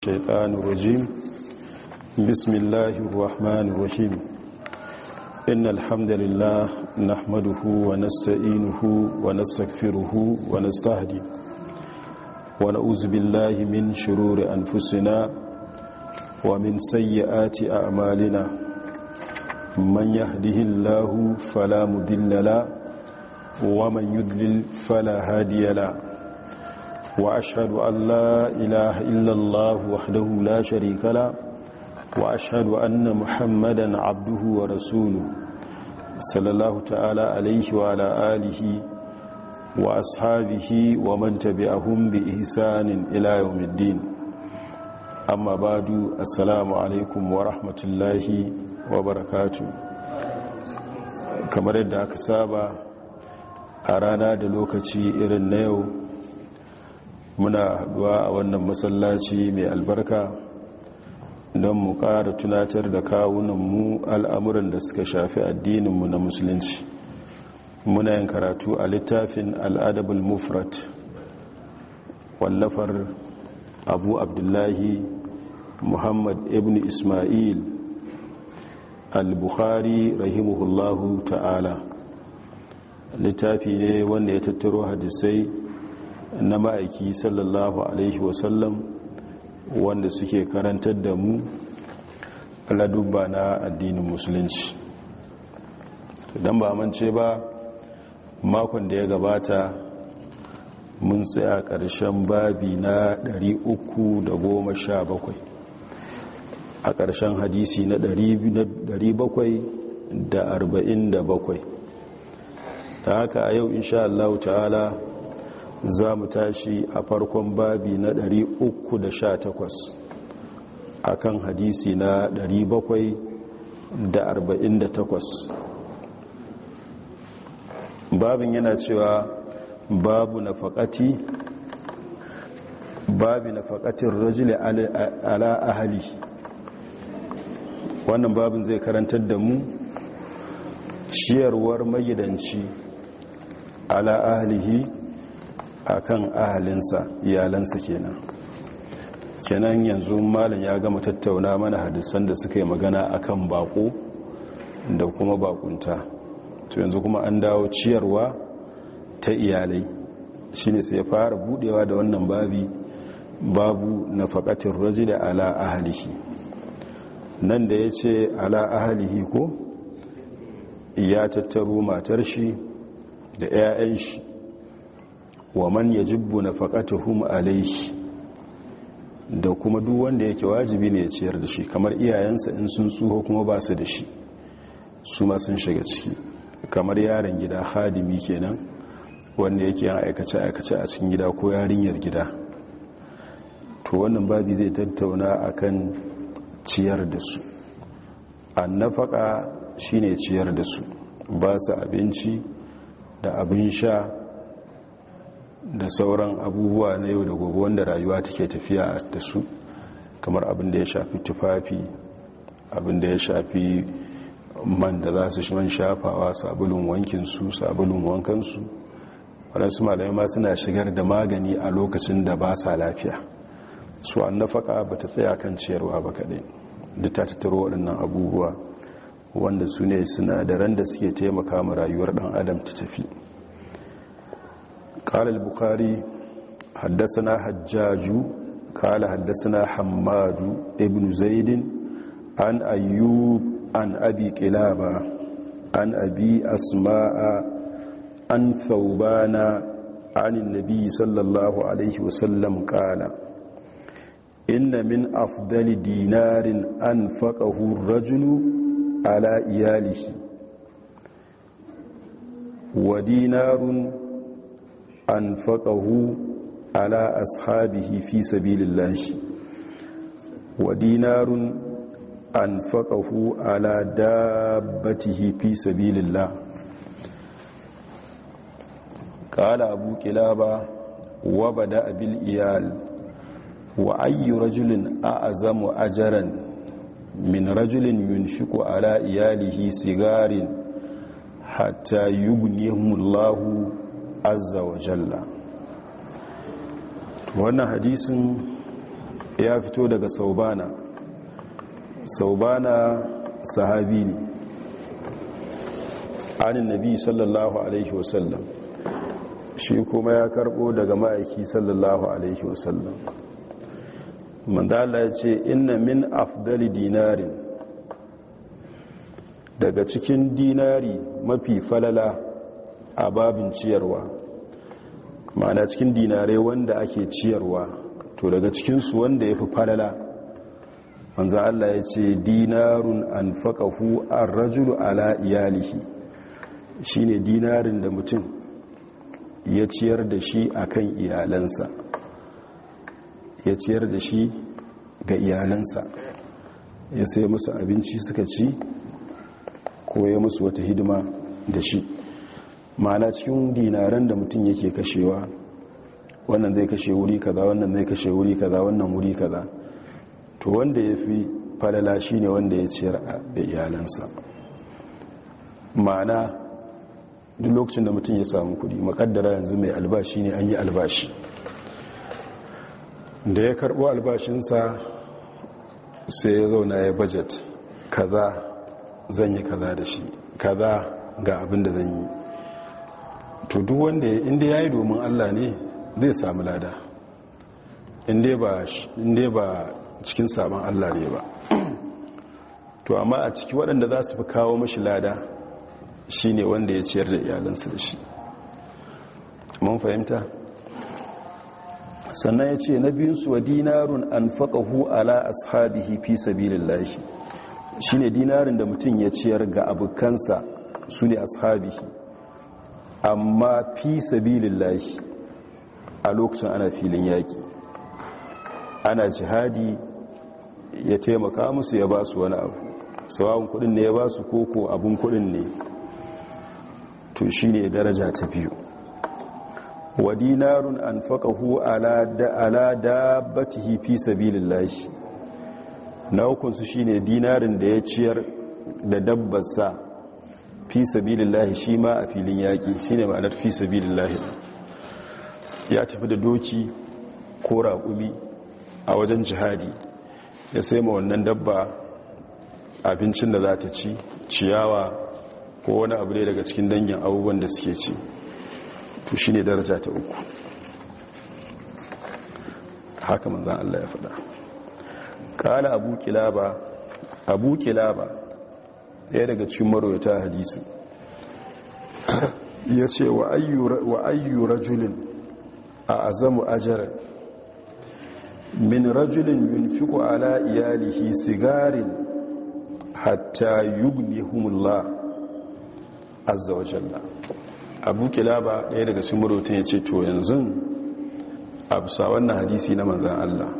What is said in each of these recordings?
الشيطان الرجيم بسم الله الرحمن الرحيم إن الحمد لله نحمده ونستعينه ونستغفره ونستهدي ونعوذ بالله من شرور أنفسنا ومن سيئات أعمالنا من يهده الله فلا مذل له ومن يدلل فلا هادي له وأشهد أن لا إله إلا الله وحده لا شريك له وأشهد أن محمدا عبده ورسوله صلى الله تعالى عليه وعلى آله وأصحابه ومن تبعهم بإحسان إلى يوم الدين أما بعد السلام عليكم ورحمة الله وبركاته kamar yadda aka saba a rana da lokaci irin na yau muna haɗuwa a wannan masallaci mai albarka don mu ƙara tunatar da kawunanmu al'amuran da suka shafi addininmu na musulunci muna yin karatu a littafin al'adabul mufrat wallafar abu abdullahi muhammad ibn ismail al-bukhari rahimuhullahu ta'ala littafi ne wanda ya tattaro hadisai na ma'aiki sallallahu alaihi wasallam wanda suke karantar da mu ladubba na addinin musulunci don ba mance ba makon da ya gabata mun tsaya ƙarshen babi na 317 a ƙarshen hadisi na 747 da haka a yau insha Allah ta'ala za mu tashi a farkon babi na 318 a kan hadisi na 748 babin yana cewa babu na faƙati babi na faƙatin rajili ala ahali wannan babin zai karantar da mu ciyarwar magidanci ala ahalihi a kan ahalinsa iyalansa kenan kenan yanzu malam ya gama tattauna mana hadisan da suka yi magana akan bako da kuma bakunta to yanzu kuma an dawo ciyarwa ta iyalai shine sai ya fara budewa da wannan babi babu nafaqatir rajuli ala ahlihi nan da yace ala ahlihi ko ya tattaro matar shi da 'ya'yan shi wa man ya jibbu na faƙata hum alaihi da kuma duk wanda yake wajibi ne ya ciyar da shi kamar iyayensa in sun tsoho kuma ba su da shi su ma sun shiga ciki kamar yaron gida hadimi kenan wanda yake yin aikace-aikace a cikin gida ko yarinyar gida to wannan babi zai tattauna a kan ciyar da su na shi shine ciyar da su ba su abinci da abin sha da sauran abubuwa na yau da gobe wanda rayuwa take tafiya da su kamar abin da ya shafi tufafi abin da ya shafi man da za su man shafawa sabulun wankinsu sabulun wankansu waɗansu malamai ma suna shigar da magani a lokacin da ba sa lafiya su an nafaka ba ta tsaya kan ciyarwa ba kaɗai duk ta tattaro waɗannan abubuwa wanda su ne sinadaran da suke taimaka ma rayuwar ɗan adam ta tafi قال البخاري حدثنا حجاج قال حدثنا حماد ابن زيد عن أيوب عن أبي كلابة عن أبي أسماء عن ثوبان عن النبي صلى الله عليه وسلم قال إن من أفضل دينار أنفقه الرجل على إياله ودينار an faƙahu ala ashabihi fi sabilillahi wa dinarun an faƙahu ala dabbatihi fi sabilillah ƙala abu ƙilaba wa bada abil iyal wa ayyu rajulin a azamu ajaran min rajulin yunshiku ala iyalihi sigarin hatta yughnihumullahu azza wa jalla wannan hadisin ya fito daga saubana saubana sahabi ne anin nabi sallallahu alaihi wasallam shi kuma ya karbo daga ma'aiki sallallahu alaihi wasallam mandala ce inna min afdali dinarin daga cikin dinari mafi falala a babin ciyarwa ma'ana cikin dinare wanda ake ciyarwa to daga cikinsu wanda ya fi falala wanzan Allah ya ce dinarun an faƙahu an rajulu ala iyalihi shi ne dinarin da mutum ya ciyar da shi a kan iyalansa ya ciyar da shi ga iyalansa ya sai musu abinci suka ci ko ya musu wata hidima da shi ma'ana cikin dinaran da mutum yake kashewa wannan zai kashe wuri kaza wannan zai kashe wuri kaza wannan wuri kaza to wanda ya fi falala shi ne wanda ya ciyar da iyalansa ma'ana duk lokacin da mutum ya samu kudi makaddara yanzu mai albashi ne an yi albashi da ya karbo albashinsa sai ya zauna ya bajet kaza zan yi kaza da shi kaza ga abin da zan yi to duk wanda inda ya yi domin allah ne zai sami lada inda ba cikin sabon allah ne ba to amma a ciki waɗanda za su fi kawo mashi lada shi ne wanda ya ciyar da iyalansa da shi mun fahimta sannan ya ce na biyunsu wa dinarun an faƙahu ala ashabihi fi sabilillahi shi ne dinarin da mutum ya ciyar ga abokansa su ne ashabihi amma fi sabilin sabilillahi a lokacin ana filin yaki ana jihadi ya taimaka musu ya ba su wani abu tsawon kudin ne ya ba su koko abin kudin ne to shi ne daraja ta biyu wa dinarun an faƙahu ala batihi fi sabilin sabilillahi na hukunsu shi ne dinarin da ya ciyar da dabbarsa fi sabilillahi shi ma a filin yaƙi shi ne ma'anar fi sabilillahi ya tafi da doki ko raƙumi a wajen jihadi ya sai ma wannan dabba abincin da za ta ci ciyawa ko wani abu ne daga cikin dangin abubuwan da suke ci to shi ne daraja ta uku haka manzan Allah ya faɗa ƙala abu kilaba abu ɗaya daga cikin marwata hadisi ya ce wa ayyu rajulin a azamu ajarar min rajulin yunfiku ala iyalihi sigarin hatta yugnihumullah azza wa jalla abu kilaba ɗaya daga cikin marwata ya ce to yanzu a sa wannan hadisi na manzan Allah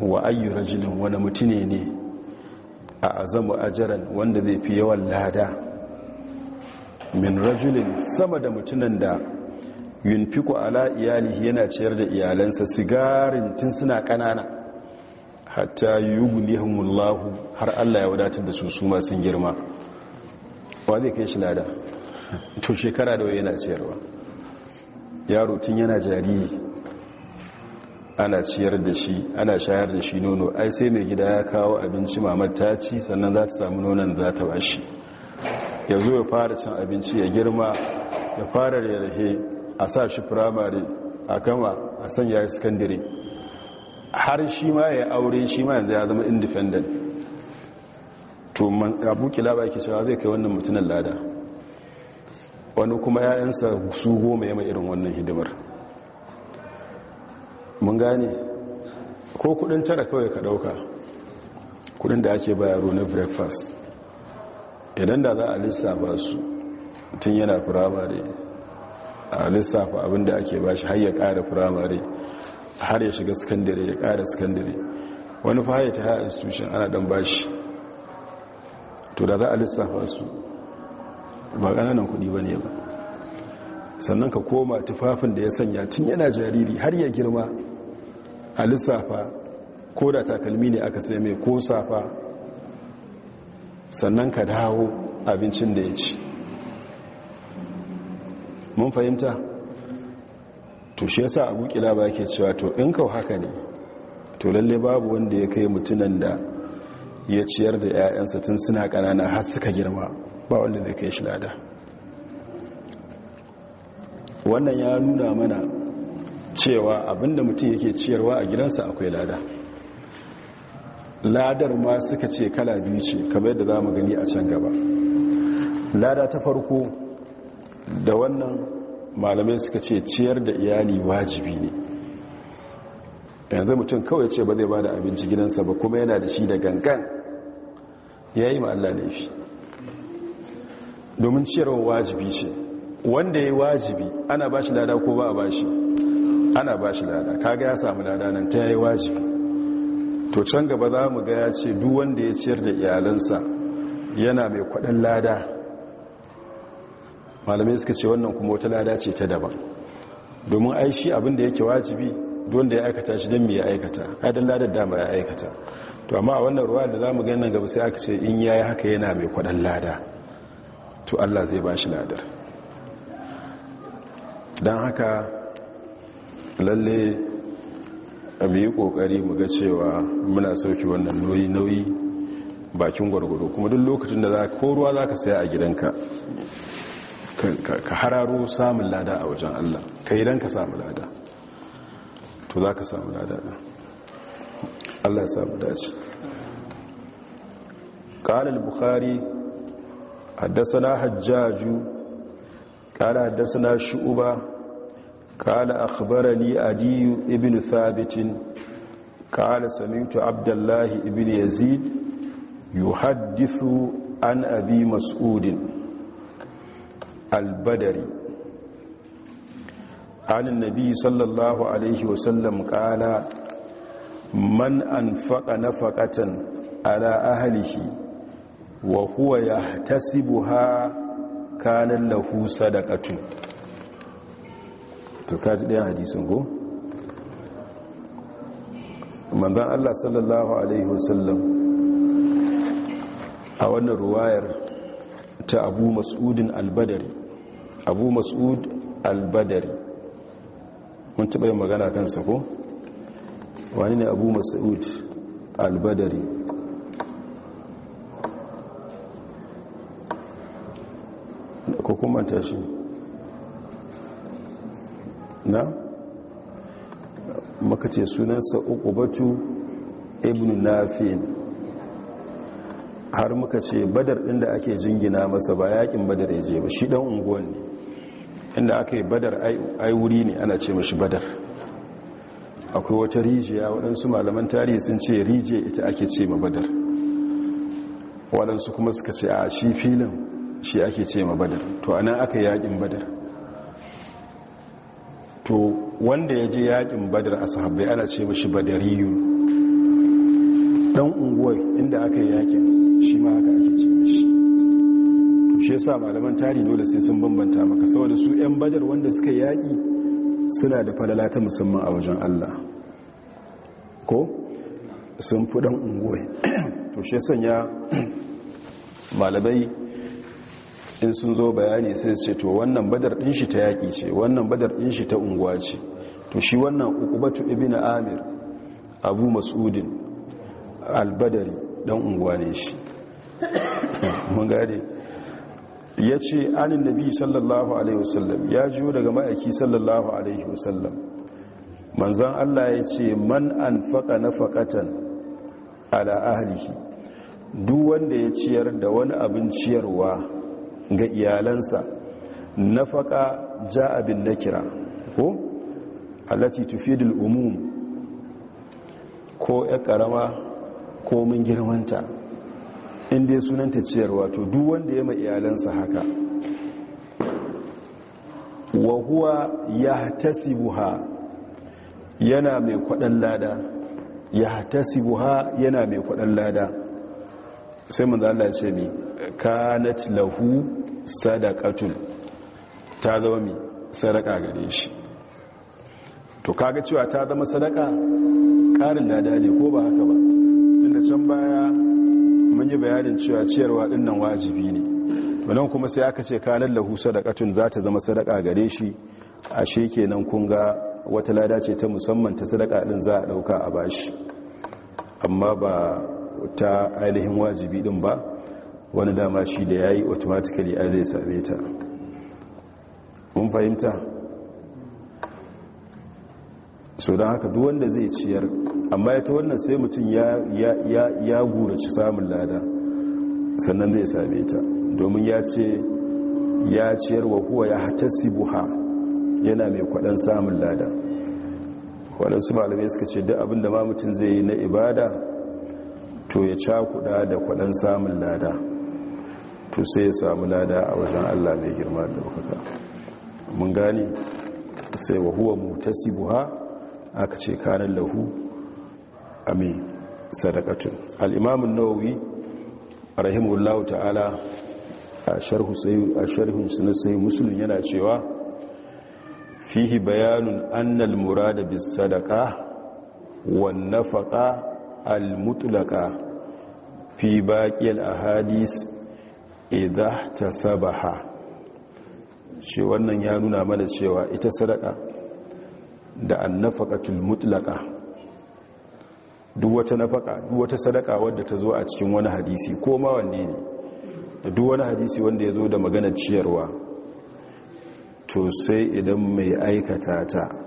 wa ayyu rajulin wani mutune ne a azamu ajaran wanda zai fi yawan lada min rajulin sama da mutunan da yunfiku ala iyali yana ciyar da iyalansa sigarin tun suna kanana hatta yughnihumullahu har Allah ya wadatar da su su sun girma wa zai kai shi lada to shekara da yana ciyarwa yaro tun yana jariri ana ciyar da shi ana shayar da shi nono ai sai mai gida ya kawo abinci mamar ta ci sannan za ta samu nonon za ta bashi ya zo ya fara cin abinci ya girma ya fara rarrahe a sa shi firamare a kama a sanya ya sakandare har shi ma ya aure shi ma yanzu ya zama independent to abu kilaba ke cewa zai kai wannan mutunan lada wani kuma ya'yansa su goma ya irin wannan hidimar mun gane ko kudin tara kawai ka dauka kudin da ake bayaro na breakfast idan da za a lissafa su tun yana firamare a lissafa abinda ake bashi har ya kara firamare har ya shiga sakandare ya kara sakandare wani fahaya ta haya institution ana dan bashi to da za a lissafa su ba ƙananan kuɗi ba ne ba sannan ka koma tufafin da ya sanya tun yana jariri har ya girma a lissafa ko da takalmi ne aka sai mai ko safa sannan ka dawo abincin da ya ci mun fahimta to shi yasa gukila ba ke cewa to in kau haka ne to lalle babu wanda ya kai mutunan da ya ciyar da 'ya'yansa tun suna ƙanana har suka girma ba wanda zai kai shi lada wannan ya nuna mana cewa abinda mutum yake ciyarwa a gidansa akwai lada ladar ma suka ce kala biyu ce kamar yadda za mu gani a can gaba lada ta farko da wannan malamai suka ce ciyar da iyali wajibi ne yanzu mutum kawai ce ba zai bada abinci gidansa ba kuma yana da shi da gangan ya yi ma'alla laifi domin ciyarwa wajibi ce wanda ya yi wajibi ana ba shi lada ko ba a ba shi ana ba shi lada kaga ya samu lada nan ta yi wajibi to can gaba za mu ga ya ce duk wanda ya ciyar da iyalansa yana mai kwaɗin lada malamai suka ce wannan kuma wata lada ce ta daban domin ai shi abin da yake wajibi wanda ya aikata shi don me ya aikata adan ladar dama ya aikata to amma a wannan ruwa da za mu nan gaba sai aka ce in ya yi haka yana mai kwadan lada to allah zai ba shi ladar don haka lalle a biyu kokari mu ga cewa muna sauki wannan nauyi-nauyi bakin gwargwaro kuma duk lokacin da za ko ruwa za ka saya a gidanka ka hararo samun lada a wajen allah ka yi don ka samu lada to za ka samu lada ɗin allah ya samu dace قال na Hajjaju, حجاج قال na شعبه قال أخبرني عدي ابن ثابت قال سمعت عبد الله ابن يزيد يحدث عن أبي مسعود البدري عن النبي صلى الله عليه وسلم قال من أنفق نفقة على أهله وهو يحتسبها كان له صدقة to kaji ɗaya hadisun go manzan allah sallallahu alaihi wasallam a wannan ruwayar ta abu mas'udin albadari abu mas'ud albadari mun taɓa yin magana kansa ko wani ne abu mas'ud albadari ko kuma tashi na maka ce sunansa batu ibn nafin har muka ce badar ɗin da ake jingina masa ba yakin badar ya je ba shi dan unguwan ne inda aka yi badar ai wuri ne ana ce mashi badar akwai wata rijiya waɗansu malaman tarihi sun ce rijiya ita ake ce ma badar waɗansu kuma suka ce a shi filin shi ake ce ma badar to ana aka yi yakin badar to wanda ya je yaƙin badar a sahabbai ana ce mashi badariyu dan unguwa inda aka yi yakin shi ma haka ake ce mashi shi yasa malaman tari dole sai sun bambanta maka saboda su yan badar wanda suka yaki suna da falala ta musamman a wajen Allah ko sun fi dan unguwai to shi sanya malamai in sun zo bayani sai su ce to wannan badar din shi ta yaki ce wannan badar din shi ta unguwa ce to shi wannan ukubatu ibn amir abu mas'udin al-Badari dan unguwa ne shi mun gane ya ce anin nabi sallallahu alaihi wasallam ya jiyo daga ma'aiki sallallahu alaihi wasallam manzon allah ya ce man an faƙa na faƙatan ala ahlihi duk wanda ya ciyar da wani abin ciyarwa ga iyalansa na ja abin na kira ko allati tufidul umum ko ya ƙarama ko mun girmanta inda ya sunanta ciyarwa to duk wanda ya ma iyalansa haka wa huwa yahtasibuha yana mai kwaɗan lada yahtasibuha yana mai kwaɗan lada sai mun Allah ce ni kanat lahu sadaqatul ta zama mi sadaka gare shi to kaga cewa ta zama sadaka karin lada ne ko ba haka ba tunda can baya mun yi bayanin cewa ciyarwa dinnan wajibi ne wannan kuma sai aka ce kanat lahu sadaqatun zata zama sadaka gare shi ashe kenan kun ga wata lada ce ta musamman ta sadaka din za a dauka a bashi amma ba ta ainihin wajibi din ba wani dama shi da ya yi automatically a zai same ta mun fahimta so don haka duk wanda zai ciyar amma ya ta wannan sai mutum ya guraci samun lada sannan zai same ta domin ya ce ya ciyar wa kuwa ya hatasi buha yana mai kwadon samun lada waɗansu malamai suka ce duk abinda ma mutum zai yi na ibada to ya cakuda da kwaɗan samun lada to sai ya samu lada a wajen Allah mai girma da ɗaukaka mun gane. sai wa huwa ha aka ce kanin lahu amin sadakatun al-imam an-nawawi rahimahullahu ta'ala a sharhu sai a sharhin sunan muslim yana cewa fihi bayanun anna al-murada bis sadaqa wan nafaqa al-mutlaqa fi baqi al-ahadith idha ta shi wannan ya nuna mana cewa ita sadaka da annafaqatul mutlaqa duk wata nafaka duk wata sadaka wadda ta zo a cikin wani hadisi ko ma wanne ne da duk wani hadisi wanda ya zo da maganar ciyarwa to sai idan mai aikata ta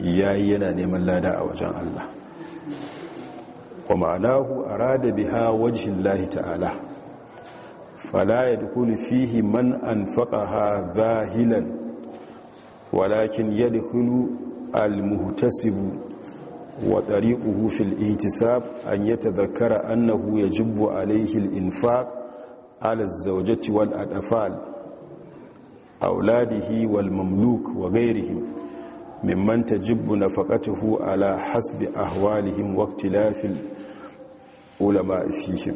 yayi yana neman lada a wajen Allah wa ma'anahu arada biha lahi ta'ala fala ya dukuli fihi man an faƙaha zahilan walakin ya dukulu almuhtasibu wa ɗariƙuhu fil ihtisab an ya tazakara annahu ya jibbo alaihil infaq alazzawajati wal adafal auladihi wal mamluk wa gairihim mimman tajibbu nafaqatuhu ala hasbi ahwalihim waqtilafil ulama fihim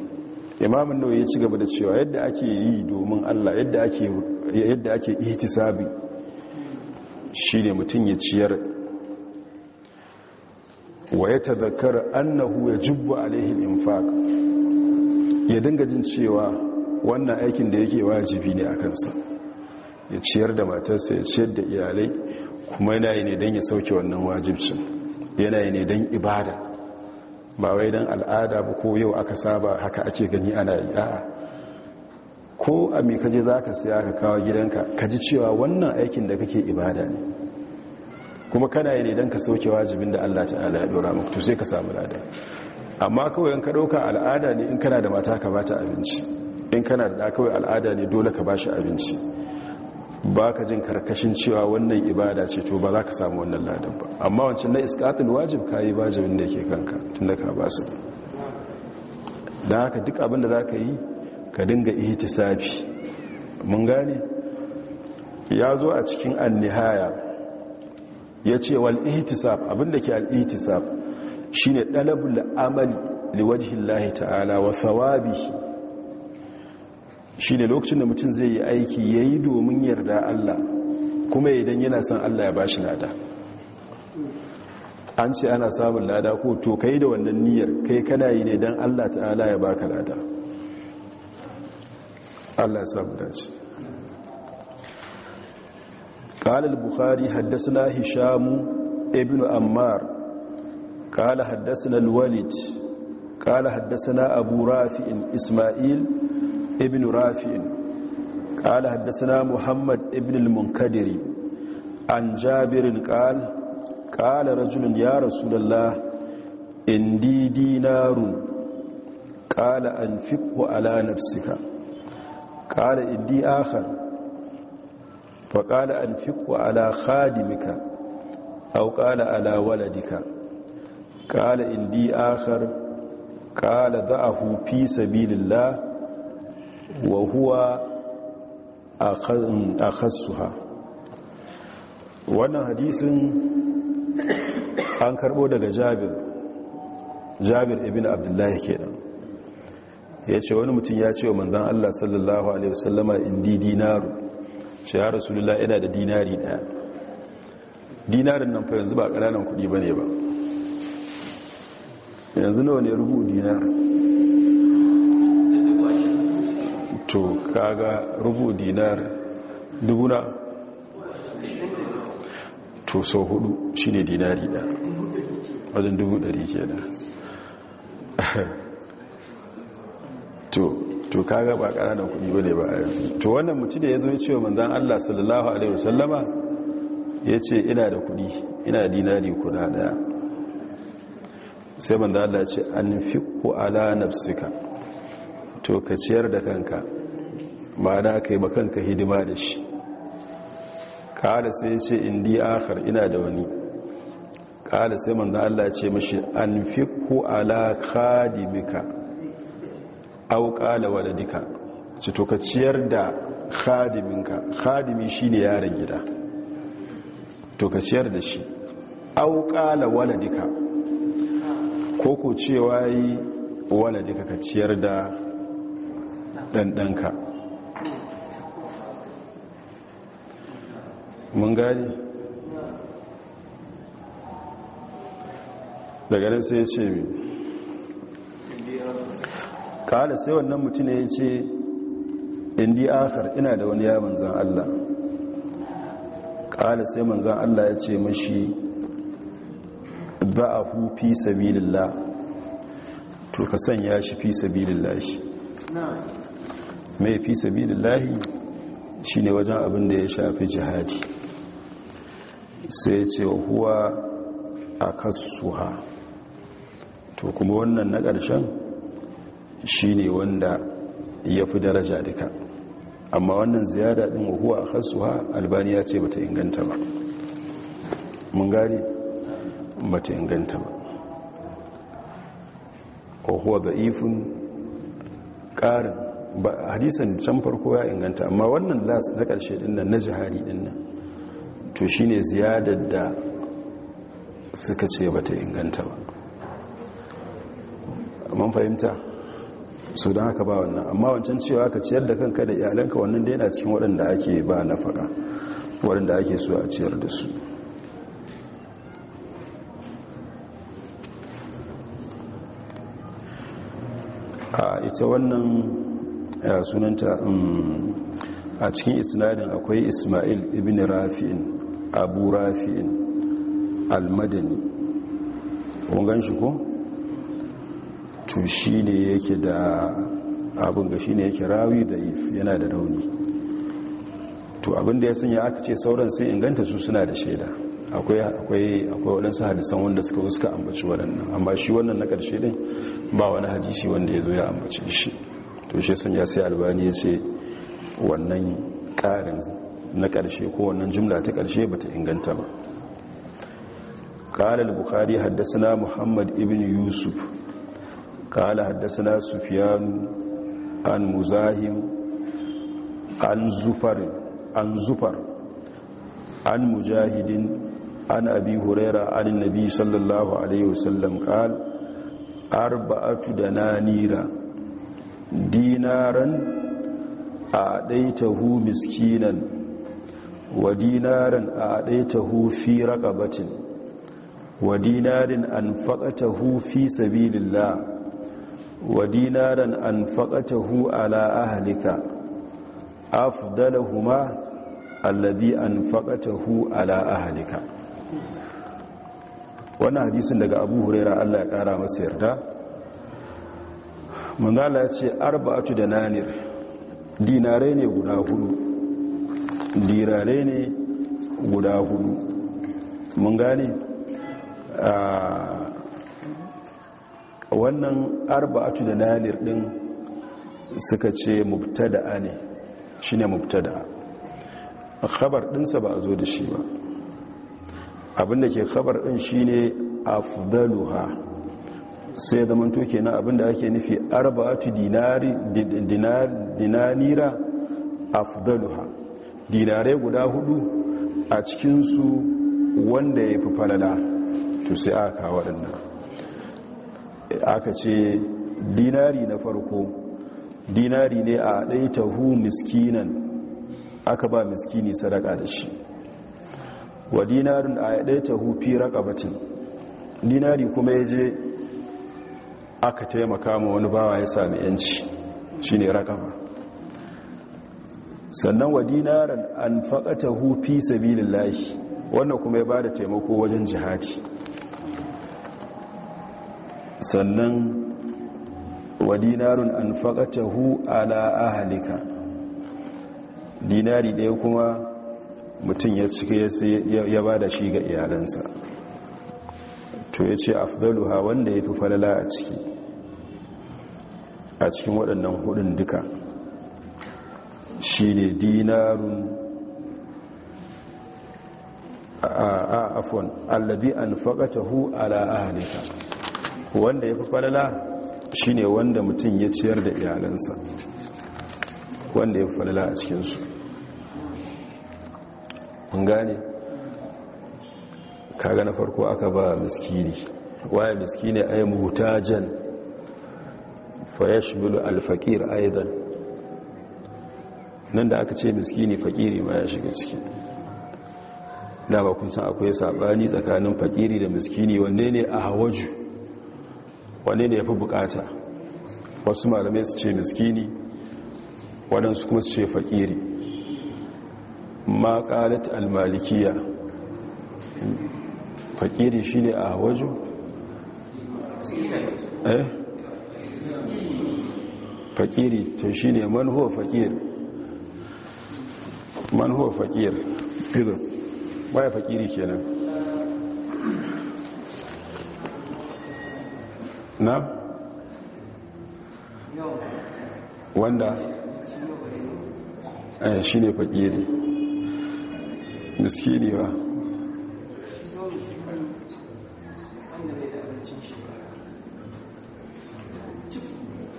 Imamin nawa ya ci gaba da cewa yadda ake yi domin allah yadda ake ihtisabi shi ne mutum ya ciyar wa ya tazakar annahu ya jubbu alaihin infaq ya dinga jin cewa wannan aikin da yake wajibi ne a kansa ya ciyar da matarsa ya ciyar da iyalai kuma yana yi ne don ya sauke wannan wajibcin yana yi ne don ibada ba wai don al'ada ba ko yau aka saba haka ake gani ana yi a'a ko a mai kaje za ka siya ka kawo gidanka ka ji cewa wannan aikin da kake ibada ne kuma kana yi ne don ka sauke wajibin da allah ta'ala ya dora maka to sai ka samu lada amma kawai in ka ɗauka al'ada ne in kana da mata ka bata abinci in kana da kawai al'ada ne dole ka bashi abinci ba ka jin karkashin cewa wannan ibada ce to ba za ka samu wannan ladan ba amma wancan na iskatul wajib ka yi bajin da ke kanka tun da ka ba su da haka duk abin da za ka yi ka dinga safi mun gane ya zo a cikin annihaya ya ce wal ihtisab abin da ke al ihtisab shine dalabul amali Lahi ta'ala wa sawabihi shi ne lokacin da mutum zai yi aiki ya yi domin yarda Allah kuma idan yana son Allah ya bashi lada an ce ana samun lada ko to kai da wannan niyyar kai kana yi ne don Allah ta'ala ya baka lada Allah ya samu dace قال البخاري حدثنا هشام ابن عمار قال حدثنا الوليد قال حدثنا Rafi رافع Isma'il. Ibnu rafi'in qala haddathana muhammad ibn munkadiri an jabirin qala qala rajulun ya rasulullah indi dinarun qala anfiqhu ala nafsika qala indi akhar fa qala anfiqhu ala khadimika aw qala ala waladika qala indi akhar qala da'ahu fi sabilillah wa huwa ha wannan hadisin an karbo daga jabir jabir ibn abdullahi kenan ya ce wani mutum ya ce wa manzan Allah sallallahu Alaihi wasallama indi dinaru ce ya rasulullah yana da dinari daya dinarin nan fa yanzu ba ƙananan kuɗi ba ne ba yanzu nawa ne rubu dinar to kaga rubu dinar duguna to sau hudu shi ne dinari da wajen dubu dari ke da to kaga ba da kudi ba ne ba a yanzu to wannan mutu da ya zo cewa manzan allah sallallahu alaihi wasallama ya ce ina da kudi ina dinari kuna daya sai manzan allah ce an fi ku ala nafsika to ka ciyar da kanka na ka yi makanka hidima da shi Kada sai ce indi akhar ina da wani Kada sai manzan Allah ce mashi an fi ku ala khadimika au ƙala waladika su to ciyar da khadiminka khadimi shi ne yaren gida to ka ciyar da shi au ƙala waladika ko ko cewa yi waladika ka ciyar da ɗanɗanka mun gani daga nan sai ya ce mi kala sai wannan mutum ne ya ce indi akhar ina da wani yawon zan Allah kala sai manzan Allah ya ce mashi da'ahu fi sabilillah to ka sanya shi fi shi, mai fi shi ne wajen abin da ya shafi jihadi sai ce huwa a kasuwa to kuma wannan na ƙarshen shi ne wanda ya fi daraja duka amma wannan ziyada ɗin huwa a kasuwa albaniya ce bata inganta ba mun gani bata inganta ba huwa da ifin ƙarin hadisan can farko ya inganta amma wannan las na ƙarshe ɗin nan na jihari ɗin nan to shi ne ziyadar da suka ce ba ta inganta ba mun fahimta su don haka ba wannan amma wancan cewa ka ciyar da kanka da iyalanka wannan da yana cikin waɗanda ake ba na faɗa waɗanda ake so a ciyar da su a ita wannan eh, sunanta um, a cikin isnadin akwai ismail ibn rafi'in abu rafi'in almadani gan shi ko? to shi ne yake da abin ga shi ne yake rawi da if yana da rauni to abinda ya sanya aka ce sauran sai inganta su suna da shaida akwai akwai waɗansu hadisan wanda suka wuska ambaci waɗannan amma shi wannan na ƙarshe ɗin ba wani hadisi wanda ya zo ya ambaci shi to shi sanya sai albani ya ce wannan ƙarin na ƙarshe ko wannan jimla ta ƙarshe ba ta inganta ba ƙalar bukari haddasa muhammad ibn yusuf ƙalar haddasa na sufiyanu an muzahim an zufar an mujahidin an abi huraira an nabi sallallahu alaihi wasallam ƙal arba'atu da nanira dinaran a ɗaita hu miskinan wa dinarin a ɗaita hufi raƙabatin wa dinarin an faƙata hufi sabilillah wa dinarin an faƙata hu ala ahalika huma alladi an faƙata hu ala ahalika wannan hadisin daga abu huraira allah ya ƙara masa yarda manzala ya ce arba'atu da nanir dinarai ne guda hudu lirare ne guda hudu mun gane a wannan arba'atu da nalir din suka ce mubtada'a ne shine muftada'a khabar dinsa ba a zo da shi ba abinda ke khabar din shine afdaluha sai zaman toke kenan abinda ake nufi arba'atu dinari dinar dinanira afdaluha dinarai guda hudu a cikinsu wanda ya fi falala to sai aka waɗannan aka ce dinari na farko dinari ne a ɗai miskinan aka ba miskini sadaka da shi wa dinarin a ɗai tahu fi raƙabatin dinari kuma ya je aka taimaka ma wani bawa ya sami yanci shi ne raƙaba sannan wa dinaran an faƙata hufi sabilillahi wannan kuma ya ba da taimako wajen jihadi sannan wa dinarun an faƙata hu ala ahalika dinari ɗaya kuma mutum ya cike ya ba da shi ga iyalansa to ya ce afdaluha wanda ya fi falala a ciki a cikin waɗannan hudun duka Shi ne dinarun a afon allabi an faƙatahu ala ahalika wanda ya fi falala ne wanda mutum ya ciyar da iyalansa wanda ya fi falala a cikinsu kun gane kaga na farko aka ba miskini waye miskini a muhtajan fa yashmilu alfaƙir faqir aidan nan da aka ce miskini fakiri ma ya shiga ciki da ba kun san akwai sabani tsakanin fakiri da miskini wanne ne a hawaju wanne ne ya fi bukata wasu malamai su ce miskini waɗansu kuma su ce fakiri maƙalat almalikiya fakiri shi ne a hawaju eh fakiri ta shi ne manhuwa fakiri man huwa faƙir idan baya fakiri kenan na wanda aya eh, shi ne fakiri miskini ba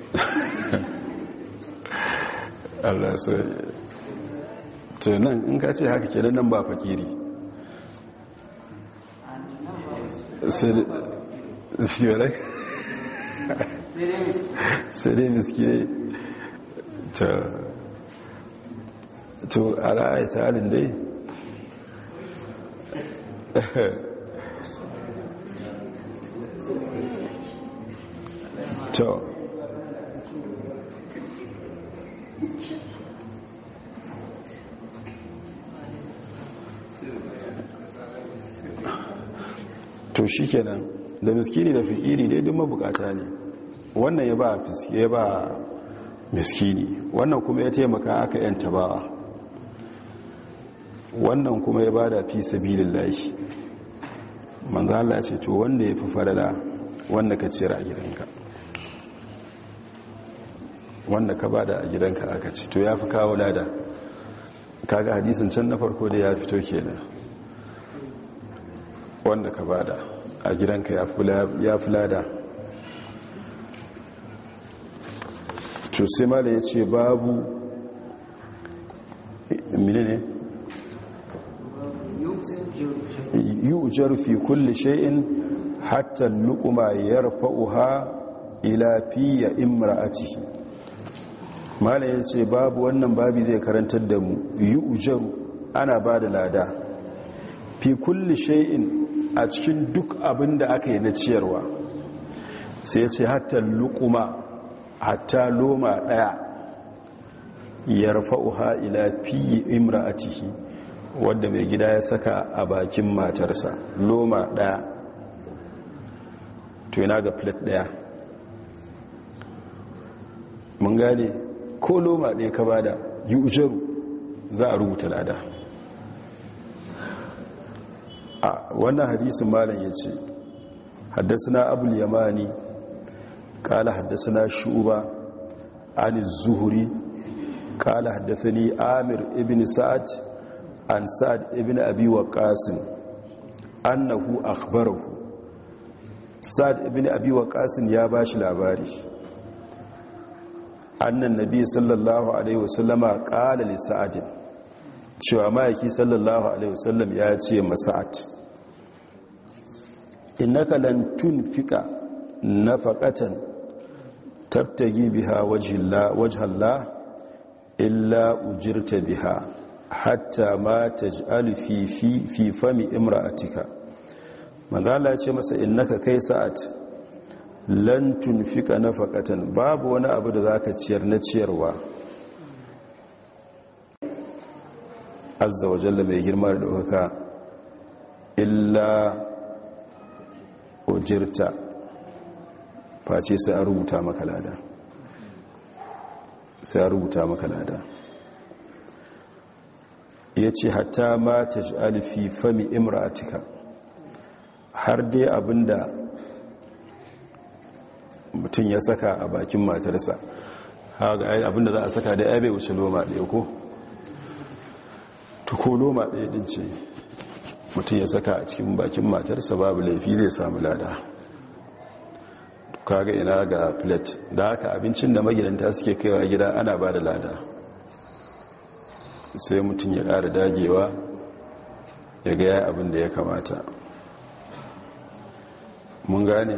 Allah sai to nan in ka ce haka kenan nan ba fakiri sai dai miski miskiyai to a ra'ayi ta halin dai to shi kenan da miskini da fikiri dai duk mabukata ne wannan ya ba ya ba miskini wannan kuma ya taimaka aka yanta bawa wannan kuma ya bada fi sabilillahi manzo Allah ce to wanda ya fi farada wanda ka cira a gidanka wanda ka bada a gidanka aka ce to ya fi kawo lada kaga hadisin can na farko da ya fito kenan wanda ka bada a gidanka ya fi lada to sai ya ce babu mini ne yi ujar fi kulle sha'in hatta lukuma ya rafa'uha ila fiye ciki mala ya ce babu wannan babi zai karantar da mu yi ujar ana ba da lada fi kulle sha'in a cikin duk abin da aka yi na ciyarwa sai ce hatta lukuma hatta loma daya ya uha ila fiye imra'atihi wadda mai gida ya saka a bakin matarsa loma daya to yana ga plate daya mun gane ko loma daya ka bada yi ujaru za a rubuta lada a wannan hadisin malam ya ce haddasa abul yamani kala haddasa na shuba an zuhuri kala haddasa ni amir ibn sa'ad an sa'ad ibn abi waqasin annahu akhbarahu sa'ad ibn abi waqasin ya bashi labari annan nabi sallallahu alaihi wasallama qala li sa'adin cewa ma'aiki sallallahu alaihi wasallam ya ce masa'at innaka lan tunfika nafaqatan tabtagi biha wajhallah illa ujirta biha hatta ma taj'alu fi fi fi fami imra'atika manzala ce masa innaka kai sa'at lan tunfika nafaqatan babu wani abu da zaka ciyar na ciyarwa azza wa jalla mai girma da ɗaukaka illa ujirta face sai a rubuta maka lada sai a rubuta maka lada ya ce hatta ma ta ji alifi fami imratika har dai abinda mutum ya saka a bakin matarsa abinda za a saka dai ya bai wuce loma ɗaya ko to ɗaya ɗin ce mutum ya saka a cikin bakin matarsa babu laifi zai samu lada kaga ina ga plate da haka abincin da magidanta suke kaiwa gida ana ba da lada sai mutum ya ƙara dagewa ya gaya abin da ya kamata mun gane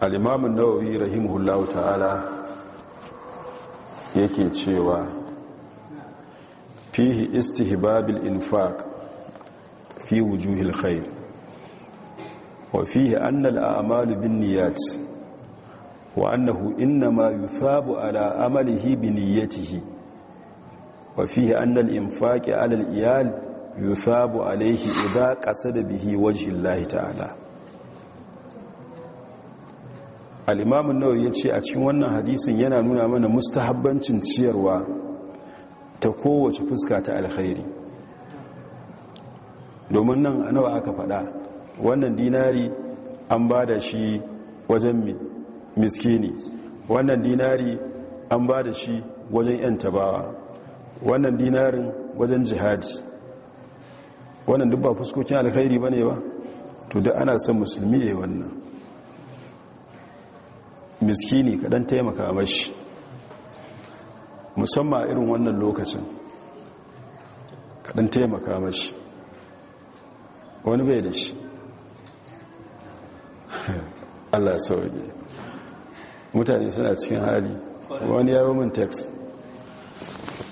alimamin nawawi rahimahullahu ta'ala yake cewa fihi istihbabil infaq fi wujuhil khair wa fihi anna al-a'malu binniyat wa annahu inma yuthabu ala amalihi biniyatihi wa fihi anna al-infaqi ala al-iyal yuthabu alayhi idha qasada bihi wajhi Allah ta'ala al-imam an-nawawi yace a cikin wannan hadisin yana nuna mana mustahabbancin ciyarwa ta kowace fuska ta alkhairi domin nan a nawa aka faɗa wannan dinari an ba da shi wajen miskini wannan dinari an ba da shi wajen 'yan tabawa wannan dinarin wajen jihadi wannan duk ba fuskokin alkhairi ba ne ba to da ana son musulmi ne wannan miskini kaɗan taimaka mashi musamman irin wannan lokacin kaɗan taimaka mashi wani bai da shi allah sauri mutane suna cikin hali wani ya roman text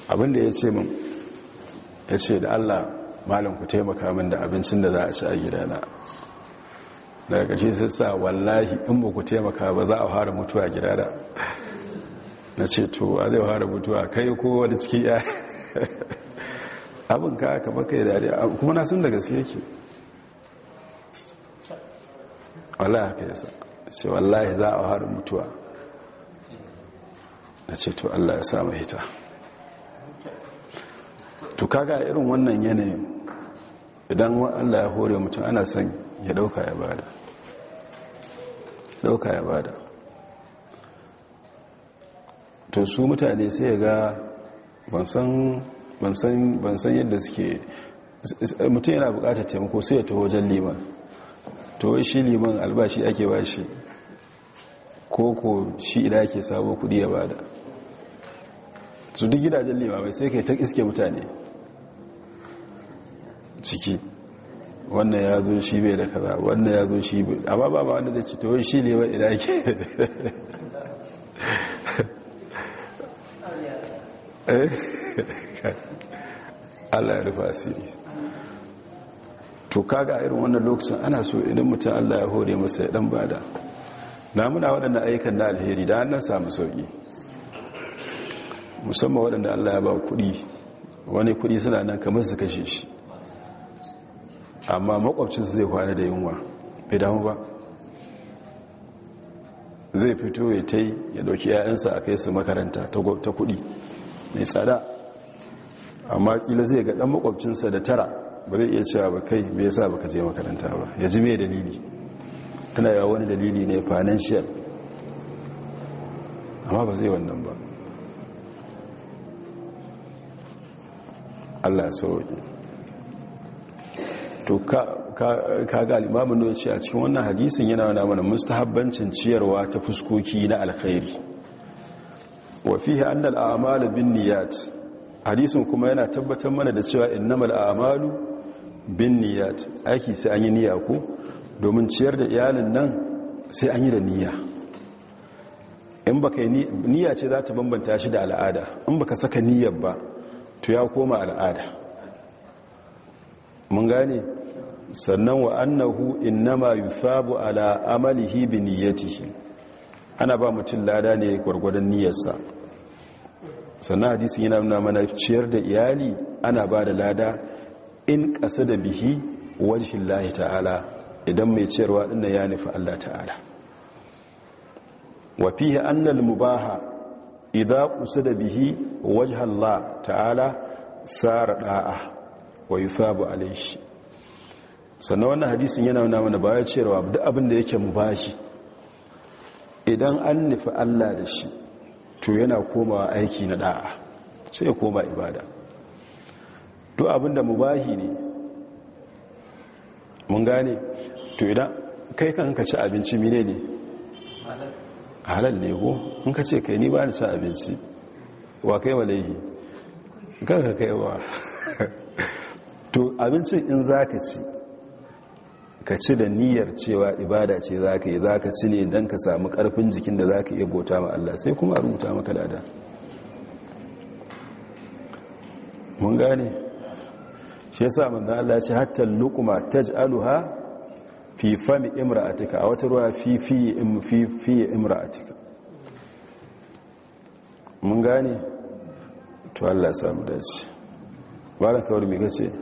abinda ya ce min ya ce da allah malam ku taimaka min da abincin da za a ci a gidana daga ƙarshe sai sa wallahi in ba ku taimaka ba za a fara mutuwa da. na ce to a zai fara mutuwa kai ko wani ciki ya abin ka aka baka ya dariya kuma na sun da gaske yake wallahi haka yasa ce wallahi za a fara mutuwa na ce to allah ya samu hita to kaga irin wannan yanayin idan allah ya hore mutum ana son ya dauka ya bada dauka ya bada to su mutane sai ga ban san yadda suke mutum yana bukatar taimako sai ya taho wajen liman to shi liman albashi ake ba shi ko ko shi ida ake sabo kudi ya bada su duk gidajen bai sai yi ta iske mutane ciki wannan ya zo shi bai da kaza wannan ya zo shi bai amma ba ba wanda zai ci to shi liman ida ke. Eh? Allah ya rufa asiri to kaga irin wannan lokacin ana so idan mutum Allah ya hore masa ya dan bada na muna waɗanda ayyukan na alheri da an samu sauƙi musamman waɗanda Allah ya ba kuɗi wani kuɗi suna nan kamar su kashe shi amma makwabcin zai kwana da yunwa bai damu ba zai fito ya tai ya ɗauki 'ya'yansa a kai su makaranta ta kuɗi mai tsada amma kila zai ga dan makwabcinsa da tara ba zai iya cewa ba kai me yasa baka je makaranta ba ya ji mai dalili tana yawa wani dalili ne financial amma ba zai wannan ba Allah ya sauke to ka ga limamin noci a cikin wannan hadisin yana wana mana mustahabbancin ciyarwa ta fuskoki na alkhairi wa fihi annal a'malu niyyat, hadisin kuma yana tabbatar mana da cewa innamal a'malu binniyat aiki sai an yi niyya ko domin ciyar da iyalin nan sai an yi da niyya in niyya ce za ta bambanta shi da al'ada in baka saka niyyar ba to ya koma al'ada mun gane sannan wa annahu innama yusabu ala amalihi bi niyyatihi ana ba mutum lada ne gwargwadon niyyarsa sannan hadisi yana nuna mana ciyar da iyali ana ba da lada in kasa da bihi wajen lahi ta'ala idan mai ciyarwa ɗin ya nufi Allah ta'ala wafihe annal mubaha idan kusa da bihi wajen Allah ta'ala tsara ɗa'a wa yi sabu alaishi sannan wannan hadisin yana nuna mana bayan ciyarwa duk abin da yake mubashi idan an nufi Allah da shi to yana koma aiki na da'a sai ya koma ibada to abinda mubahi ne mun gane to idan kai kan ka ci abinci mine ne halal ne ko in ka ce kai ni ba ni ci abinci wa kai malaihi kan ka kai wa to abincin in za ka ci ka ci da niyyar cewa ibada ce za ka yi za ka ci ne don ka samu karfin jikin da za ka iya bota ma Allah sai kuma rubuta maka lada mun gane shi yasa manzan Allah ce hatta lukuma taj'aluha fi fami imra a wata ruwa fi fi imra'atika mun gane to Allah samu dace da kawar mai gace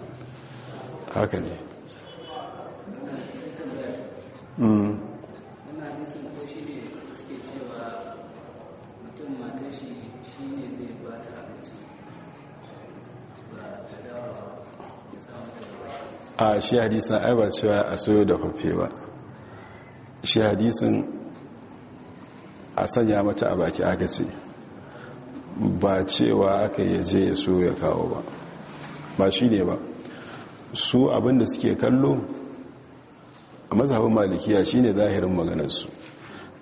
haka ne hmm. a shi hadisun ai ba cewa a soyo da kwafe ba shi hadisun a sanya mata a baki aka ce ba cewa aka yaje ya so ya kawo ba ba shi ne ba su abinda suke kallo a mazhabin malikiya shine zahirin maganarsu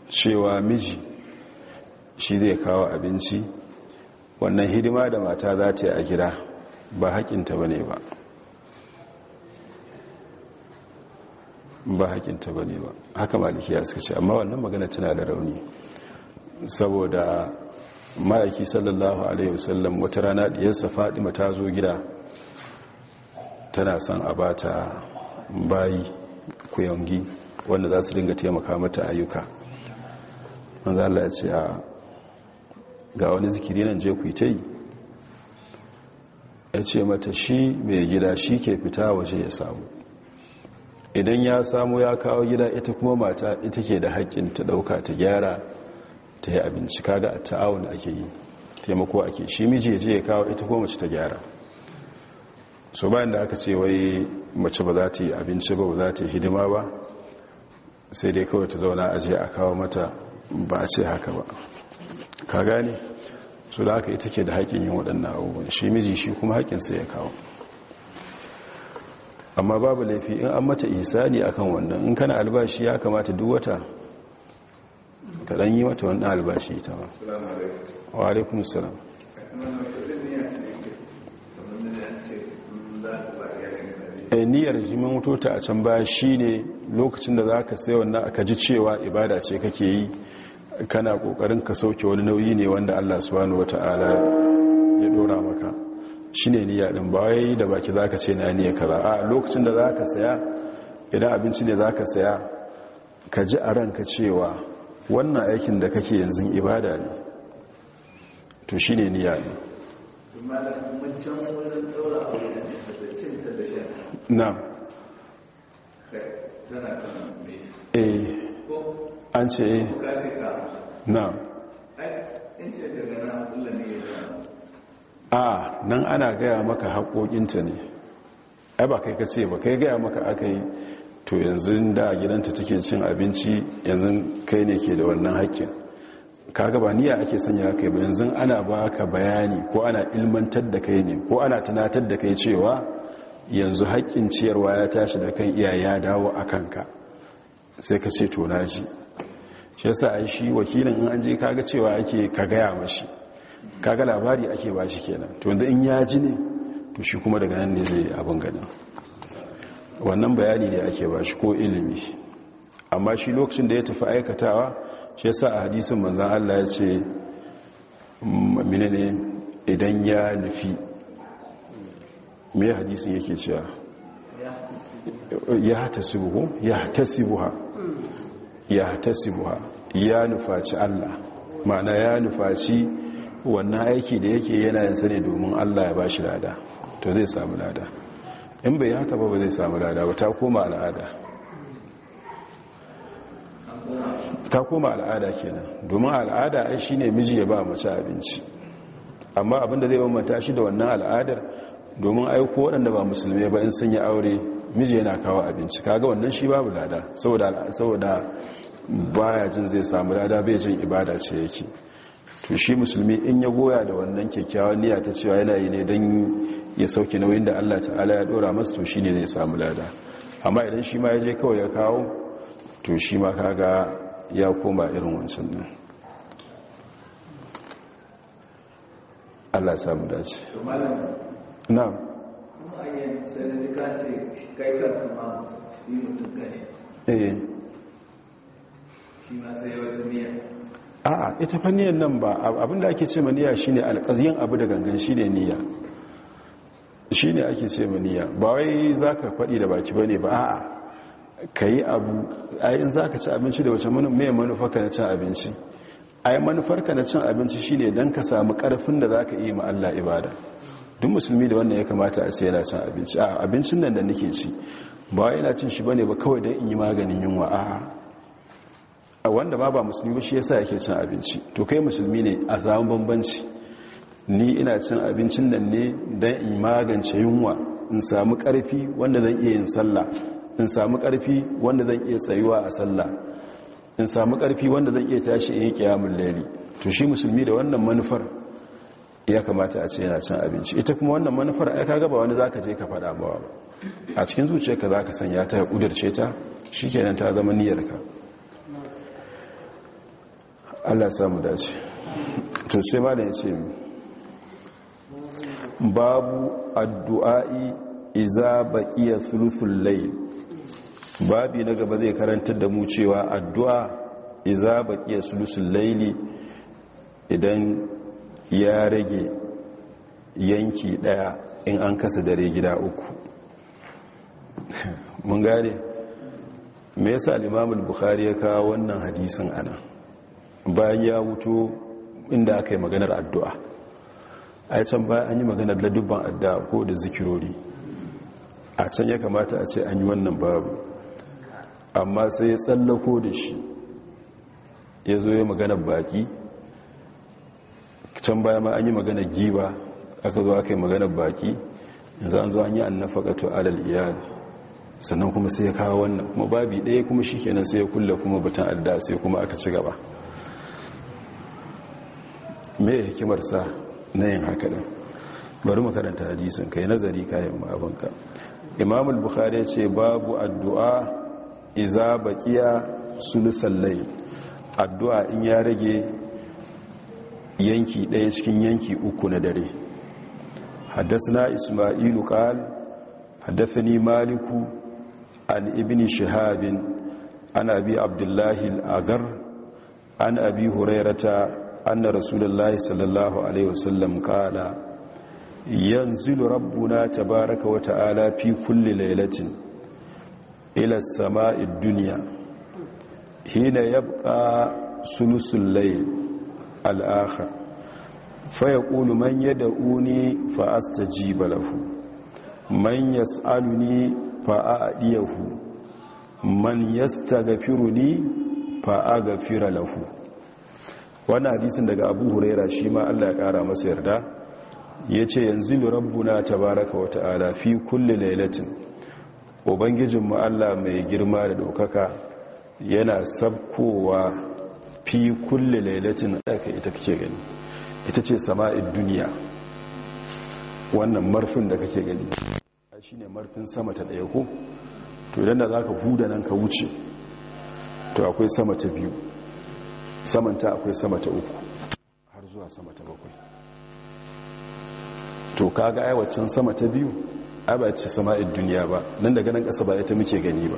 cewa miji shi zai kawo abinci wannan hidima da mata za ta yi a gida ba haƙinta ba ba ba haƙinta ba ne ba haka malikiya suka ce amma wannan magana tana da rauni saboda ma'aiki sallallahu alaihi wasallam wata rana ɗiyarsa fadima ta zo gida tana son a bata bayi kuyangi wanda za su dinga taimaka mata ayyuka wanda Allah ya ce a ga wani zikiri nan je ku yi ta yi ya ce mata shi mai gida shi ke fita waje ya samu idan ya samu ya kawo gida ita kuma mata ita ke da haƙƙin ta ɗauka ta gyara ta yi abinci kaga a ta'awun ake yi taimako ake shi miji ya je ya kawo ita kuma mace ta gyara so bayan da aka ce wai mace ba za ta yi abinci ba ba za ta yi hidima ba sai dai kawai ta zauna a je a kawo mata ba a ce haka ba ka gane so da haka ita ke da haƙin yin waɗannan abubuwan shi miji shi kuma haƙinsa ya kawo amma babu laifi in an mata ne akan wannan in kana albashi ya kamata duk wata ka ɗan yi mata wannan albashi ita ba wa salam. Eh, niyyar jimin wutota a can baya shine lokacin da za ka sai wannan aka ji cewa ibada ce kake yi kana kokarin ka sauke wani nauyi ne wanda Allah subhanahu Ta'ala ya dora maka shine niyya din ba da baki ka ce na niyya kaza a lokacin da za ka saya idan abinci ne za ka saya ka ji a ranka cewa wannan aikin da kake yanzu ibada ne to shine niyya ne na'am eh, an ce eh na'am a ah, nan ana gaya maka haƙoƙinta ne ai ba kai ka ce ba kai gaya maka aka yi to yanzu da gidanta take cin abinci yanzu kai ne ke da wannan haƙƙin kaga ba niyya ake sanya kai ba yanzu ana ba ka bayani ko ana ilmantar da kai ne ko ana tunatar da kai cewa yanzu haƙƙin ciyarwa ya tashi da kan iyaye ya dawo a kanka sai ka ce to ji shi yasa ai shi wakilin in an je kaga cewa ake ka gaya mashi kaga labari ake ba shi kenan to da in ya ji ne to shi kuma daga nan ne zai abin ganin wannan bayani ne ake ba shi ko ilimi amma shi lokacin da ya tafi aikatawa shi yasa a hadisun manzan Allah ya ce mine ne idan ya nufi mai hadisun yake cewa ya tasibuhu ya ya tasibuha ya nufaci Allah mana ya nufaci wannan aiki da yake yana yin sani domin Allah ya bashi lada to zai samu lada in bai haka ba ba zai samu lada ba ta koma al'ada ta koma al'ada kenan domin al'ada ai shine miji ya ba mace abinci amma abinda zai bambanta shi da wannan al'adar domin aiko waɗanda ba musulmi ba in sun yi aure miji yana kawo abinci kaga wannan shi babu lada saboda baya jin zai samu lada bai jin ibada ce yake to shi musulmi in ya goya da wannan kyakkyawa niyya ta cewa yana yi ne don ya sauke nauyin da Allah ta'ala ya dora masa to shi ne zai samu lada amma idan shi ma ya je kawai ya kawo to shi ma kaga ya koma irin wancan nan Allah samu dace na a eh. a'a ita faniyan nan ba abinda ake ce ma shi shine alƙaziyin abu da gangan shine niyya shine ake ce ma ba wai ka faɗi da baki bane ba a ka yi abu ayin za ka ci abinci da wace mai manufarka na cin abinci ai manufarka na cin abinci shine don ka samu karfin da za ka yi ma Allah ibada duk musulmi da wannan ya kamata a ce yana cin abinci a abincin nan da nake ci ba yana cin shi bane ba kawai don in yi maganin yunwa a a wanda ba ba musulmi ba shi yasa yake cin abinci to kai musulmi ne a zaman bambanci ni ina cin abincin nan ne don in magance yunwa in samu karfi wanda zan iya yin sallah in samu ƙarfi wanda zan iya tsayuwa a sallah in samu ƙarfi wanda zan iya tashi in yi ƙiyamun laili to shi musulmi da wannan manufar ya kamata a ce yana cin abinci ita kuma wannan manufar yaka kaga ba wani ka je ka faɗa ba a cikin zuciyarka zaka sanya ta ya kudirce ta shi kenan ta zama ka. Allah samu dace to sai malam ya ce babu addu'a'i iza baƙiya thuluthul layl babi na gaba zai karantar da mu cewa addu'a iza baqiya sulusul laili idan ya rage yanki ɗaya in an kasa dare gida uku mun gane me yasa Limamin imam bukhari ya kawo wannan hadisin ana bayan ya wuto inda aka yi maganar addu'a a can bayan an yi maganar ladubban addu'a ko da zikirori a can ya kamata a ce an yi wannan babu amma sai ya tsallako da shi ya zo ya magana baki can baya ma an yi magana giba aka zo aka yi magana baki yanzu an zo an yi annafakatu alal iyali sannan kuma sai ya kawo wannan kuma babi ɗaya kuma shi kenan sai ya kulla kuma batun adda sai kuma aka ci gaba me hikimarsa na yin haka ɗin bari makaranta hadisin kai nazari kayan ma'abanka imamul bukhari ya ce babu addu'a iza baqiya sulusan sallai, addu'a in ya rage yanki ɗaya cikin yanki uku na dare haddasna isma'ilu qal haddathani maliku an ibni shihabin an abi abdullahi agar an abi hurairata an na rasulullahi sallallahu alaihi wasallam ƙala yanzilu rabbuna tabaraka wata ala fi kulli lailatin ila sama'id duniya hina yabqa sulusul layl al-akhir fa yaqulu man yad'uni fa astajib lahu man yas'aluni fa a'diyahu man yastaghfiruni fa aghfira lahu wannan hadisin daga Abu Huraira shi ma Allah ya kara masa yarda yace yanzu rabbuna tabaaraka wa ta'ala fi kulli lailatin ubangijinmu allah mai girma da ɗaukaka yana sabkowa fi kulle lailatin aka ita kake gani ita ce sama'in duniya wannan marfin da kake gani shi ne marfin sama ta ɗaya ko to idan da za ka huda nan ka wuce to akwai sama ta biyu samanta akwai sama ta uku har zuwa sama ta bakwai to kaga aiwacin sama ta biyu a ba ce sama'id duniya ba nan daga nan ƙasa ba ita muke gani ba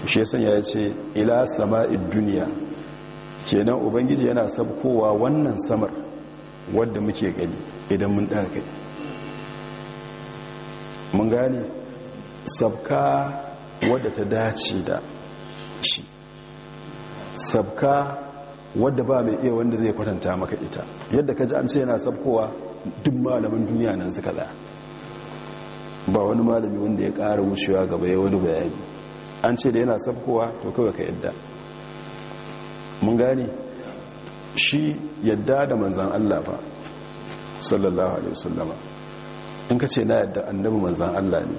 to shi yasan ya ce ila sama'id duniya kenan ubangiji yana sabkowa wannan samar wadda muke gani idan mun ɗan kai mun gane sabka wadda ta dace da shi sabka wadda ba mai iya wanda zai kwatanta maka ita yadda ka ji an ce yana sabkowa duk malamin duniya nan suka za ba wani malami wanda ya ƙara wucewa gaba ya wani bayani an ce da yana sabkowa to kawai ka yadda mun gane shi yadda da manzan Allah ba sallallahu alaihi wasallama in ka ce na yadda annabi manzan Allah ne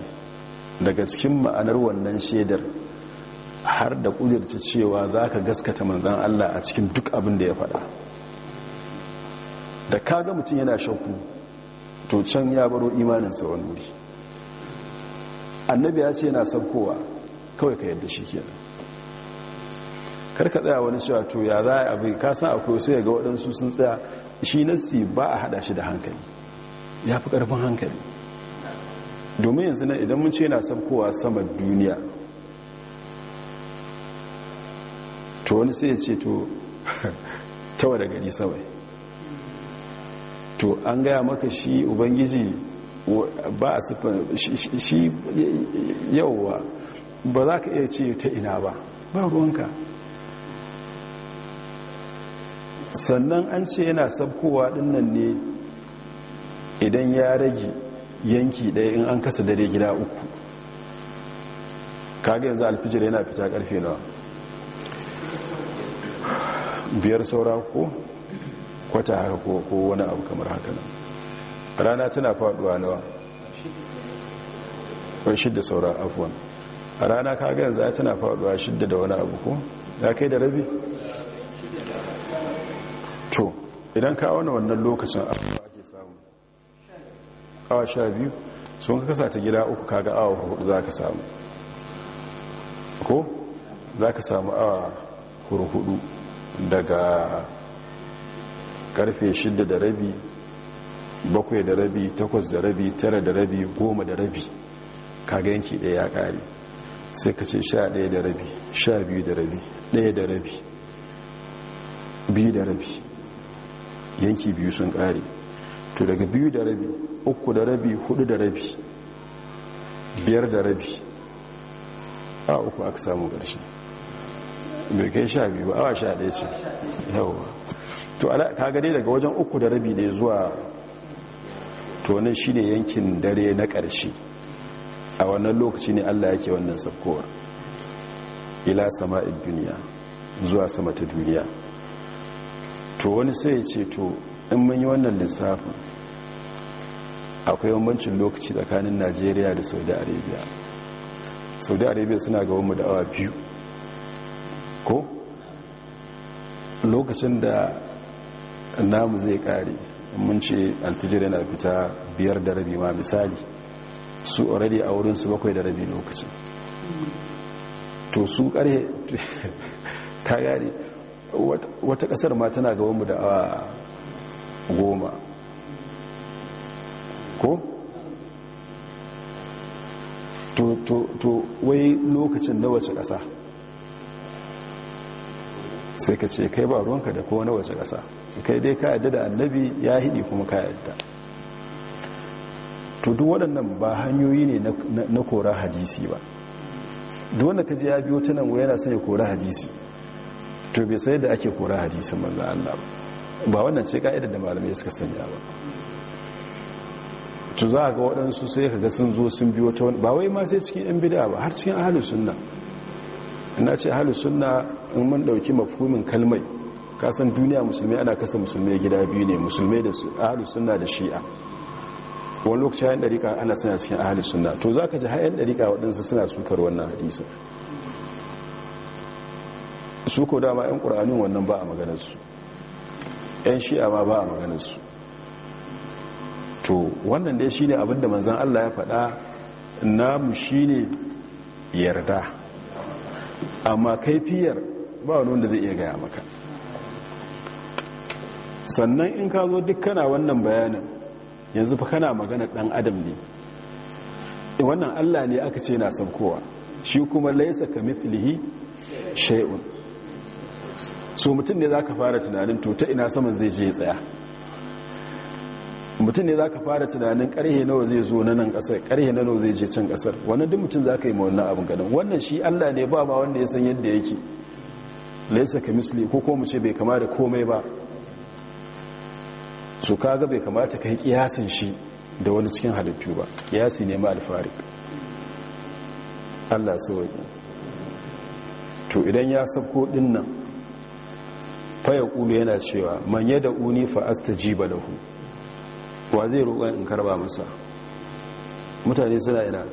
daga cikin ma'anar wannan shaidar har da kudirce cewa za ka gaskata manzan Allah a cikin duk abin da ya faɗa da ka ga mutum yana shakku to can ya baro imaninsa wani wuri annabi ya ce yana kowa kawai ka yadda shi ke karka tsaya wani cewa to ya za a abin kasan akwai sai ga waɗansu sun tsaya shi nassi ba a haɗa shi da hankali ya fi ƙarfin hankali domin yanzu nan idan mun ce yana kowa sama duniya to wani sai ya ce to tawa da gari sawai to an gaya maka shi ubangiji ba a siffar shi yauwa ba za ka iya ce ta ina ba ba ruwanka sannan an ce yana sabkowa dinnan ne idan ya rage yanki ɗaya in an kasa dare gida uku kaga yanzu alfijir yana fita karfe nawa biyar saura ko kwata haka ko wani abu kamar haka nan rana tana faduwa nawa ko shidda saura afwan rana kaga yanzu tana faduwa shidda da wani abu ko ya kai da rabi to idan ka wani wannan lokacin abubuwa ake samu awa sha biyu sun ka kasa ta gida uku kaga awa hudu za ka samu ko za ka samu awa hudu daga karfe shidda da rabi bakwai da rabi takwas da rabi tara da rabi goma da rabi kaga yanki ɗaya ya ƙare sai ka ce sha ɗaya da rabi sha biyu da rabi ɗaya da rabi biyu da rabi yanki biyu sun ƙare to daga biyu da rabi uku da rabi hudu da rabi biyar da rabi a uku aka samu ƙarshe bai kai sha biyu ba awa sha ɗaya ce yawa to kaga dai daga wajen uku da rabi ne zuwa to wannan shine yankin dare na ƙarshe a wannan lokaci ne Allah yake wannan sakkowar ila sama'id duniya zuwa sama ta duniya to wani sai ya ce to in mun yi wannan lissafin akwai bambancin lokaci tsakanin Najeriya da Saudi Arabia Saudi Arabia suna gaban mu da awa biyu ko lokacin da namu zai kare mun ce alfijir yana fita biyar da rabi ma misali su already a wurin su bakwai da rabi lokacin to su karhe ta gari wata kasar ma tana gabanmu da awa goma ko? to wai lokacin na wace kasa sai ka ce kai ba ruwanka da kowa na wace kasa kai dai ka yadda da annabi ya hidi kuma ka yadda to duk waɗannan ba hanyoyi ne na kora hadisi ba duk wanda ka je ya biyo ta nan yana son ya kora hadisi to bai sai da ake kora hadisi manzo Allah ba ba wannan ce ka'idar da malamai suka sanya ba to za ga waɗansu sai ka ga sun zo sun biyo ta wani ba wai ma sai cikin yan bid'a ba har cikin ahlus sunna ina ce ahlus sunna in mun dauki mafhumin kalmai kasan duniya musulmi ana kasa musulmi gida biyu ne musulmi da ahalu suna da shi'a wani lokaci hayan ɗariƙa ana suna cikin ahalu suna to za ka ji hayan ɗariƙa waɗansu suna sukar wannan hadisa su ko dama 'yan ƙura'anin wannan ba a maganarsu 'yan shi'a ma ba a maganarsu to wannan dai shine da manzan Allah ya faɗa namu shine yarda amma kaifiyar ba wani wanda zai iya gaya maka sannan in ka zo duk kana wannan bayanin yanzu fa kana magana dan adam ne eh, wannan Allah ne aka ce na saukowa shi kuma laisa kamithlihi shay'un so mutum ne zaka fara tunanin to ta ina saman zai je tsaya mutum ne zaka fara tunanin karhe nawa zai zo na nan kasar karhe nawa zai je can kasar wannan duk mutum zaka yi ma wannan abin gadan wannan shi Allah ne ba ba wanda ya san yadda yake laisa ka ko ko mu ce bai kama da komai ba su kaga bai kamata ka yi kiyasin shi da wani cikin halittu ba kiyasi ne ma alfari allah sauki to idan ya sabko din nan faya ƙulu yana cewa manye da uni fa'asta ji ba hu wa zai roƙon in karba masa mutane suna ina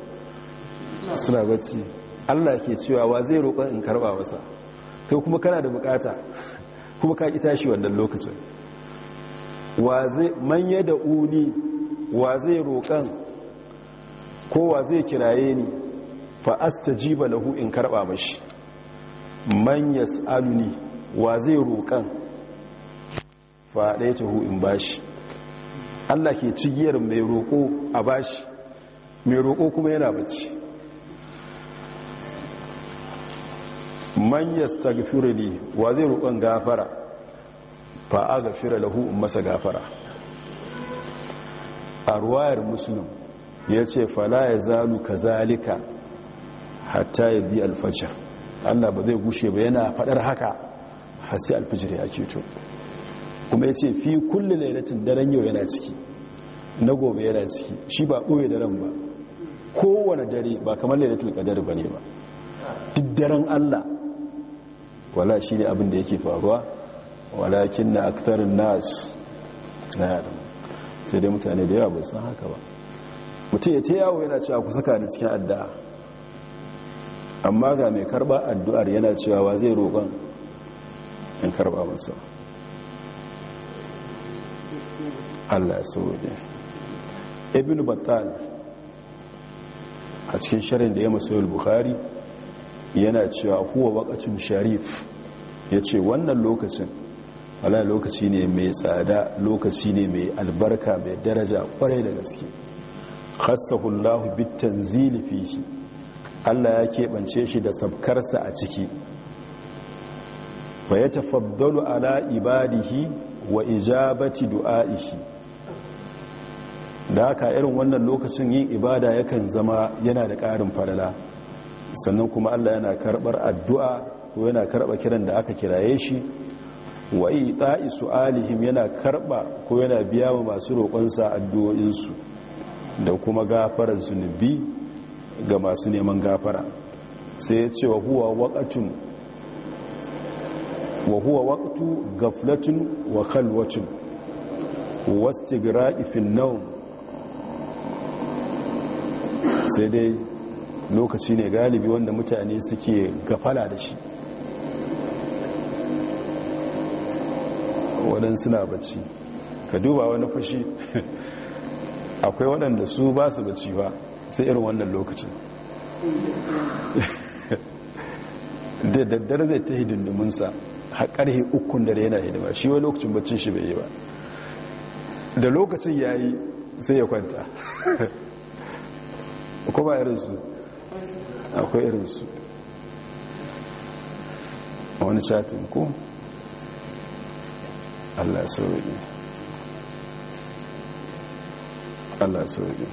suna bacci allah ke cewa wa zai roƙon in karba masa kai kuma kana da bukata kuma ka ƙi tashi wannan lokacin wa zai manya da uni wa zai roƙan ko wa zai kiraye ni fa jiba lahu in ba mashi man yas'aluni wa zai roƙan fa hu in bashi Allah ke cigiyar mai roƙo a bashi mai roƙo kuma yana bacci man yastagfiruni wa zai roƙon gafara fa a fira lahu in masa gafara a ruwayar musulun ya ce fala ya zalu ka zalika hatta ya bi alfajar allah ba zai gushe ba yana fadar haka hasi alfajar ya ceto kuma ya ce fi kulle lairatin daren yau yana ciki na gobe yana ciki shi ba ɓoye daren ba kowane dare ba kamar lairatin qadar ba ne ba duk daren allah wala shi ne abin da yake faruwa walakin na aktarin nas na yaran sai dai mutane da yawa bai san haka ba mutum ya ta yawo yana cewa ku saka ni cikin addu'a amma ga mai karba addu'ar yana cewa wa zai roƙon in karba masa allah ya saboda ibn battal a cikin sharin da ya masoyar buhari yana cewa huwa wakacin sharif ya ce wannan lokacin wala lokaci ne mai tsada lokaci ne mai albarka mai daraja kwarai da gaske khassahu Allahu bitanzili fihi Allah ya keɓance shi da sabkarsa a ciki fa yatafaddalu ala ibadihi wa ijabati du'aihi da ka irin wannan lokacin yin ibada yakan zama yana da ƙarin farala? sannan kuma Allah yana karɓar addu'a ko yana karɓa kiran da aka kiraye shi wa su alihim yana karba ko yana biya wa masu roƙonsa addu'o'insu da kuma gafarar zunubi ga masu neman gafara sai ya ce wa huwa waqatun wa wa khalwatin wasu sai dai lokaci ne galibi wanda mutane suke gafala da shi waɗansu na bacci ka duba wani fashi akwai waɗanda su ba su bacci ba sai irin wannan lokacin da daddare zai ta hidindiminsa har ƙarhe ukun dare yana hidima shi wani lokacin baccin shi bai yi ba da lokacin ya yi sai ya kwanta kuma irinsu akwai irinsu wani shatin ko Allah ya sauƙi Allah ya sauƙi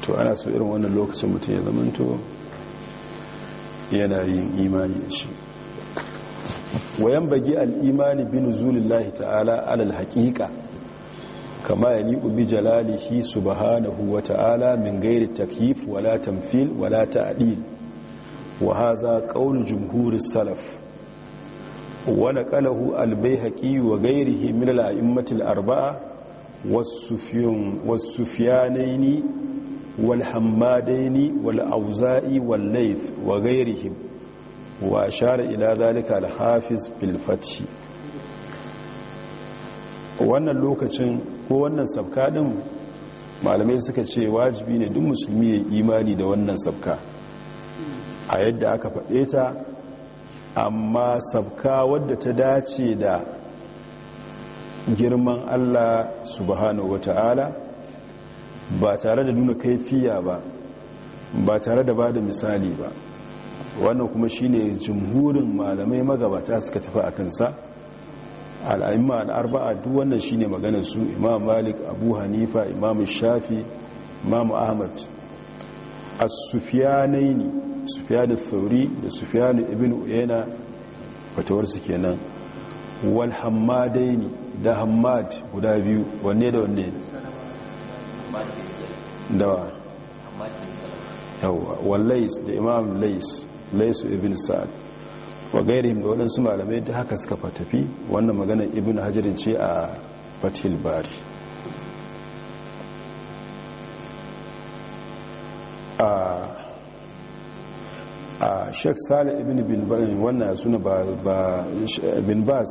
to ana so irin wannan lokacin mutum ya zamanto yana yin imani da shi wayan bagi al'imani bin zulillahi ta'ala alal haƙiƙa kama ya liƙu bi jalalihi subhanahu wa ta'ala min gairi takhif wala tamfil wala ta'adil wa haza qaulu salaf wani kalahu albai haƙi wa gairihi min al'immatil arba'a wasu fiyanaini walhammadaini wal'auza'i wallaif wa gairihim wa share ila zalika alhafiz bilfatshi wannan lokacin ko wannan sabkaɗin malamai suka ce wajibi ne duk musulmi ya yi imani da wannan sabka a yadda aka faɗe ta amma sabka wadda ta dace da girman Allah subhanahu wata'ala ba tare da nuna kaifiya ba ba tare da ba da misali ba wannan kuma shine jumhurin malamai magabata suka tafi a kansa al'aimma al'arba'a duk wannan shine maganar su imam malik abu hanifa imam shafi imam ahmad as-sufyanaini sufyan al-thawri da sufyan ibn uyayna fatawar su kenan wal hammadaini da hammad guda biyu wanne da wanne dawa yawa wallais da imam lais lais ibn sa'ad wa gairihim da waɗansu malamai da haka suka fatafi wannan maganar ibn hajarin ce a fathil bari a sheikh salih ibn bin wannan suna ba bin bas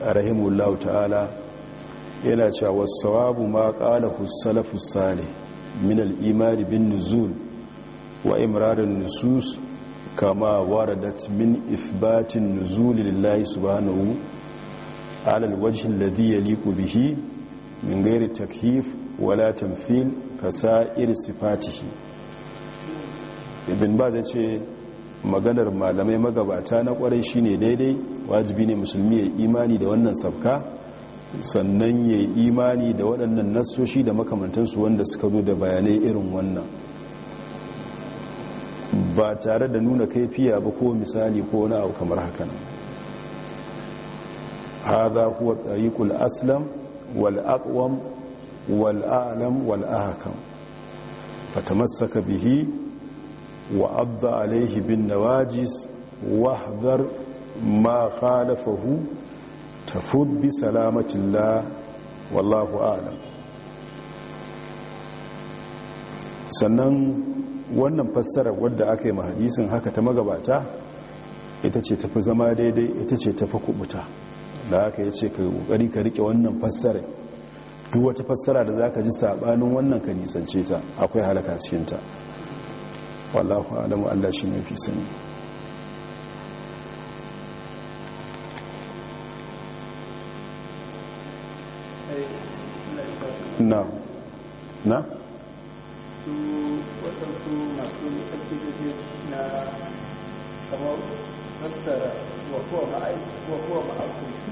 rahimullahu ta'ala yana cewa wasu ma ƙala salafu salih min al'imari bin nuzul wa imrarin nusus kama waradat min isbatin nuzuli lillahi subhanahu alal wajhin ladhi yaliqu bihi min gairi takhif wala tamthil iri sifatihi ibn baz ce maganar malamai magabata na kwarai shine daidai wajibi ne musulmi ya imani da wannan sabka sannan ya imani da waɗannan nassoshi da makamantarsu wanda suka zo da bayanai irin wannan ba tare da nuna kaifiya ba ko misali ko wani abu kamar hakan hadha huwa tariqul aslam Wal wal'aƙwam wal'alam wal'ahakan fatamassaka bihi wa abda alaihi bin nawajis wahdar ma khalafahu tafud bi salamatillah wallahu a'lam sannan wannan fassarar wadda aka yi mahadisin haka ta magabata ita ce tafi zama daidai ita ce tafi kuɓuta. da haka ya ce ka kokari ka rike wannan fassara duk wata fassara da zaka ji sabanin wannan ka nisance ta akwai halaka cikin ta wallahu alamu Allah shi ne fi sani na na kamar fassara wa kowa ma'aikun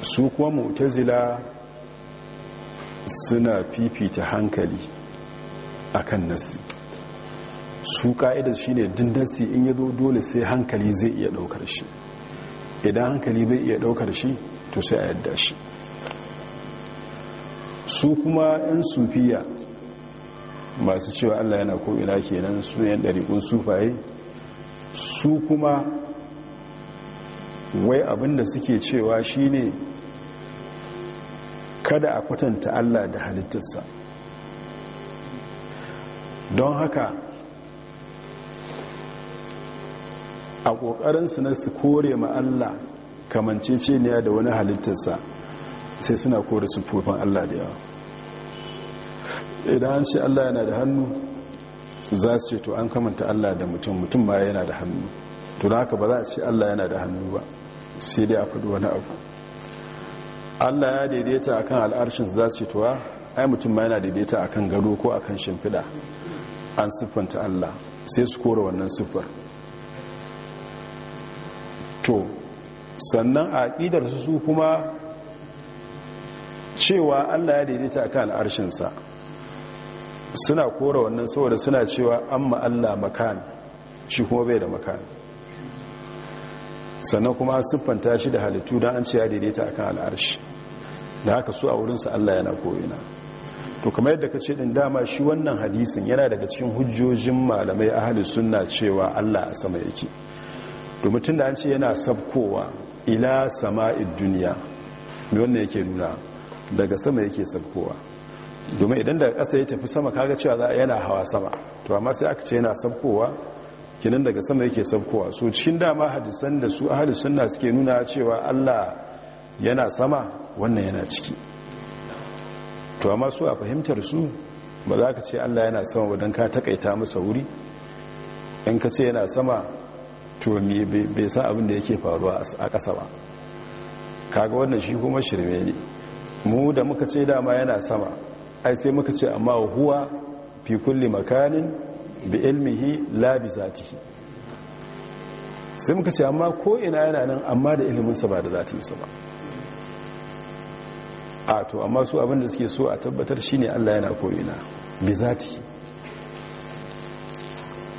su kuwa mu'tazila suna fifita hankali akan nasi, su ka'ida shine dindansi in yazo dole sai hankali zai iya daukar shi idan hankali bai iya daukar shi to sai a yadda shi su kuma 'yan sufiya masu cewa allah yana ko'ina kenan su yan ɗariƙun sufaye su kuma wai abinda suke cewa shine kada a kwatanta Allah da halittarsa don haka a ƙoƙarinsu na su kore ma'alla Allah kamancece ne da wani halittarsa sai suna kore siffofin Allah da yawa idan an ce Allah yana da hannu za su ce to an kamanta Allah da mutum mutum ma yana da hannu to da haka ba za a ce allah yana da hannu ba sai dai a faɗi wani abu allah ya daidaita akan al'arshin za su cituwa tuwa ai mutum ma yana daidaita akan gado ko akan shimfiɗa an siffanta allah sai su kora wannan siffar to sannan a ƙidar su kuma cewa allah ya daidaita akan al'arshinsa suna kora wannan saboda suna cewa amma allah makan shi kuma bai da makani sannan kuma an siffanta shi da halittu don an ce ya daidaita a kan al'arshi da haka su a wurinsa Allah yana koyina to kamar yadda ka ce ɗin dama shi wannan hadisin yana daga cikin hujjojin malamai halin suna cewa Allah a sama yake domin tun da an ce yana sabkowa ila sama duniya mai wannan yake nuna daga sama yake sabkowa domin idan daga ƙasa ya tafi sama kaga cewa za yana hawa sama to amma sai aka ce yana sabkowa kinan daga sama yake sabkowa so cikin dama hadisan da su ahli sunna suke nuna cewa Allah yana sama wannan yana ciki to amma su a fahimtar su ba za ka ce Allah yana sama wadan ka takaita masa wuri in ka ce yana sama to me bai sa abin da yake faruwa a ƙasa ba kaga wannan shi kuma shirme ne mu da muka ce dama yana sama ai sai muka ce amma huwa fi kulli makanin bi ilmihi la bi zatihi sai muka ce amma ko ina yana nan amma da iliminsa ba da zatinsa ba a to amma su abin da suke so a tabbatar shine Allah yana ko ina bi zatihi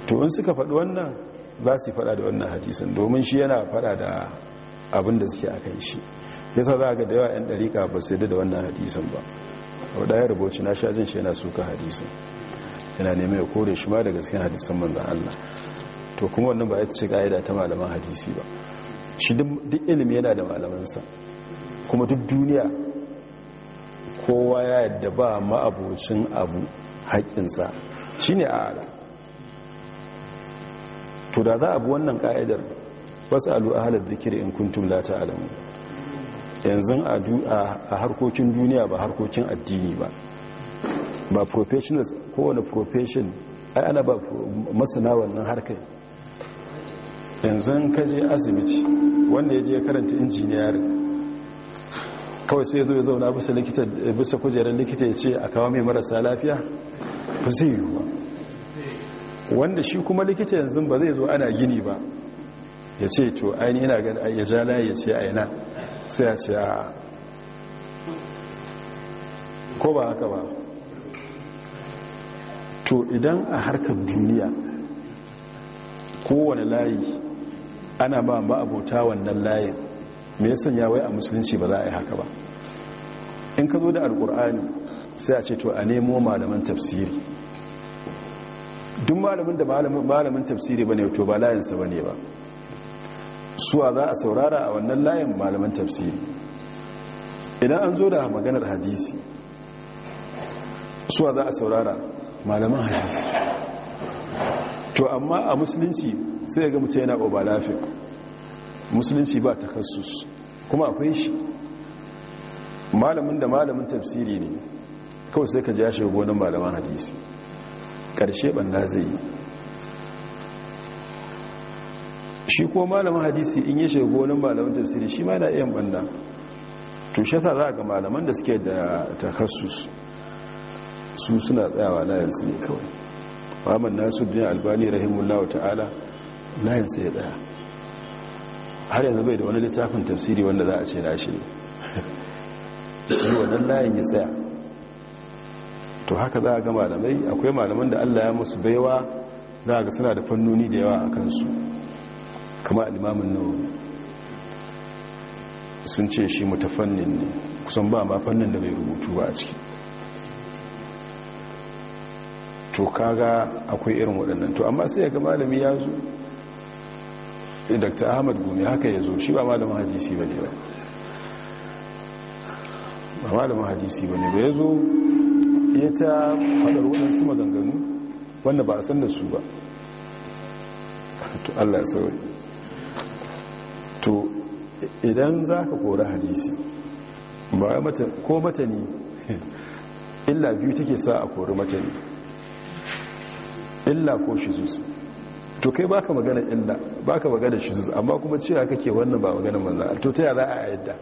to in suka faɗi wannan za su faɗa da wannan hadisin domin shi yana faɗa da abin da suke a kan shi yasa za ga da yawa 'yan ɗarika ba su yadda da wannan hadisin ba wadda ya rubuci na sha jin shi yana suka hadisun yana neman ya kore shi ma daga cikin hadisan manzan Allah to kuma wannan ba ya ce ka'ida ta malaman hadisi ba shi duk ilimi yana da malamansa kuma duk duniya kowa ya yadda ba ma'abocin abu haƙƙinsa shi ne a ala to da za a bi wannan ƙa'idar wasu alu a halar zikiri in kuntum la ta'alamu yanzu a harkokin duniya ba harkokin addini ba ba professionals kowane profession ai ana ba masana wannan harkar yanzu ka je asibiti wanda ya je karanta injiniyarin kawai sai zo ya zauna bisa kujerar likita ya ce a kawo mai marasa lafiya ba zai yi ba wanda shi kuma likita yanzu ba zai zo ana gini ba ya ce to aini yana gani ya ja ya ce aina sai ya ce a ko ba haka ba to idan a harkar duniya kowane layi ana ba ma abota wannan layin me yasan ya wai a musulunci ba za a yi haka ba in ka zo da alkur'ani sai a ce to a nemo malaman tafsiri duk malamin da malamin tafsiri ba ne to ba layinsa ba ne ba suwa za a saurara a wannan layin malaman tafsiri idan an zo da maganar hadisi suwa za a saurara malaman hadisi to amma a musulunci sai ga mutum yana lafiya, musulunci ba takassus kuma akwai shi malamin da malamin tafsiri ne kawai sai ka ji ya shiga gonin malaman hadisi ƙarshe banda zai yi shi ko malamin hadisi in ya shiga gonin malamin tafsiri shi ma yana iya banda to shi za ga malaman da suke da takassus su suna tsayawa layansu ne kawai muhammad nasu duniya albani rahimullahu ta'ala layansu ya tsaya har yanzu bai da wani littafin tafsiri wanda za a ce na shi ne shi wannan layin ya tsaya to haka za a ga malamai akwai malaman da allah ya musu baiwa za a ga suna da fannoni da yawa a kansu kama alimamin nawawi sun ce shi mutafannin ne kusan ba ma fannin da bai rubutu ba a ciki to kaga akwai irin waɗannan to amma sai ga malami ya zo eh, dr ahmad gumi haka ya zo shi ba malamin hadisi ba ne ba ba malamin hadisi ba ne ba ya zo ya ta faɗar waɗansu maganganu wanda ba a san da su ba to allah sauri to idan za ka kori hadisi ba ko matani illa biyu take sa a kori matani illa ko shizus to kai baka magana illa baka magana shizus amma kuma cewa kake wannan ba magana manzo to ta za a yadda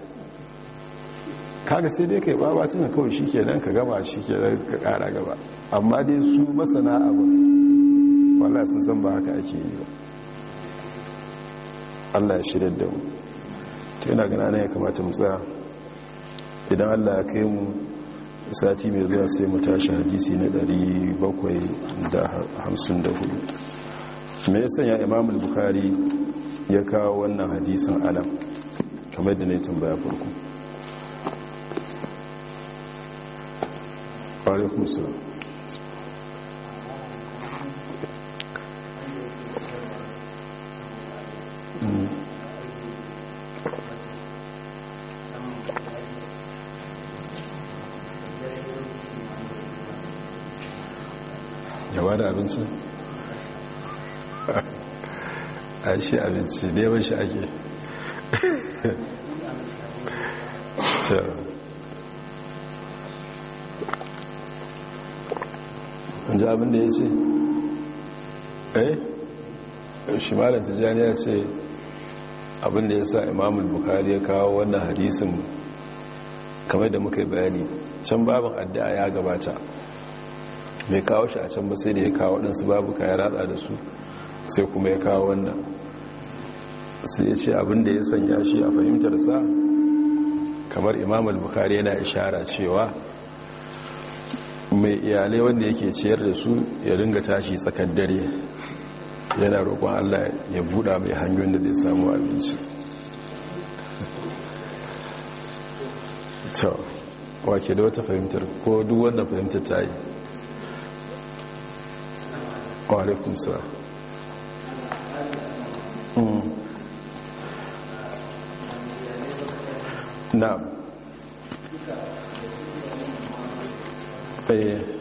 kaga sai dai kai baba tun kawai shikenan ka gama shikenan ka kara gaba amma dai su masana abu wallahi sun san ba haka ake yi ba Allah ya shirya da mu to ina ne ya kamata mu tsaya idan Allah ya kai mu sati mai zuwa sai mu tashi hadisi na 754 me yasa ya imam bukari ya kawo wannan hadisin alam kamar da na yi tambaya farko ƙwarai kusa abinci a shi abinci neman shi ake ji abin da ya ce eh shi malam ya ce abin da ya sa imamul bukari ya kawo wannan hadisin kamar da muka bayani can babin addu'a ya gabata mai kawo shi a can ba sai da ya kawo waɗansu ka ya ratsa da su sai kuma ya kawo wannan sai ya ce abinda ya sanya shi a fahimtarsa kamar imam al-bukhari yana ishara cewa mai iyalai wanda yake ciyar da su ya ringa tashi tsakar dare yana roƙon allah ya buɗa mai hanyoyin da zai samu abinci to wake da wata fahimtar ko duk wanda fahimtar ta yi Olha como será. Hum. Não. É.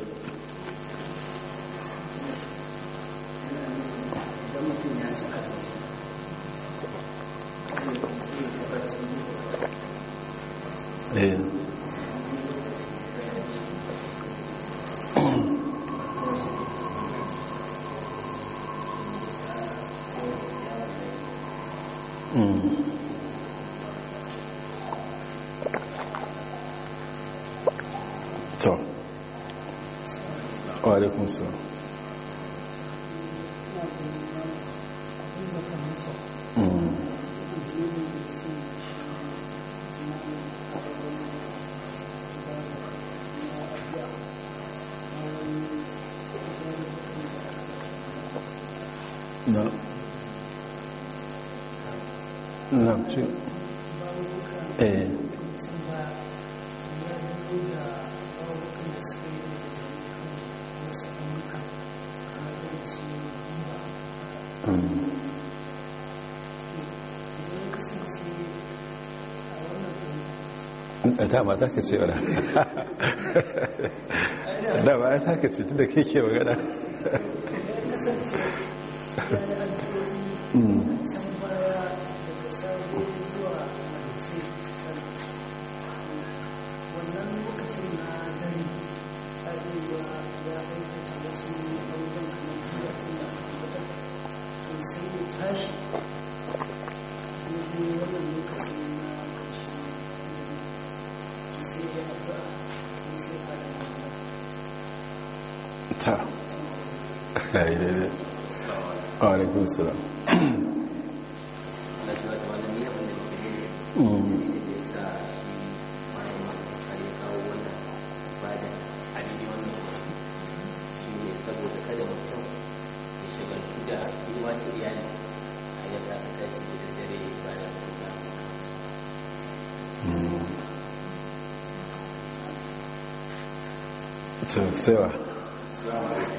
Tchau. Olha como são. ta mata ka ce wadda da ba ya ta ka ce tun da kake magana ta yayi daidai a alaikun salam mm. to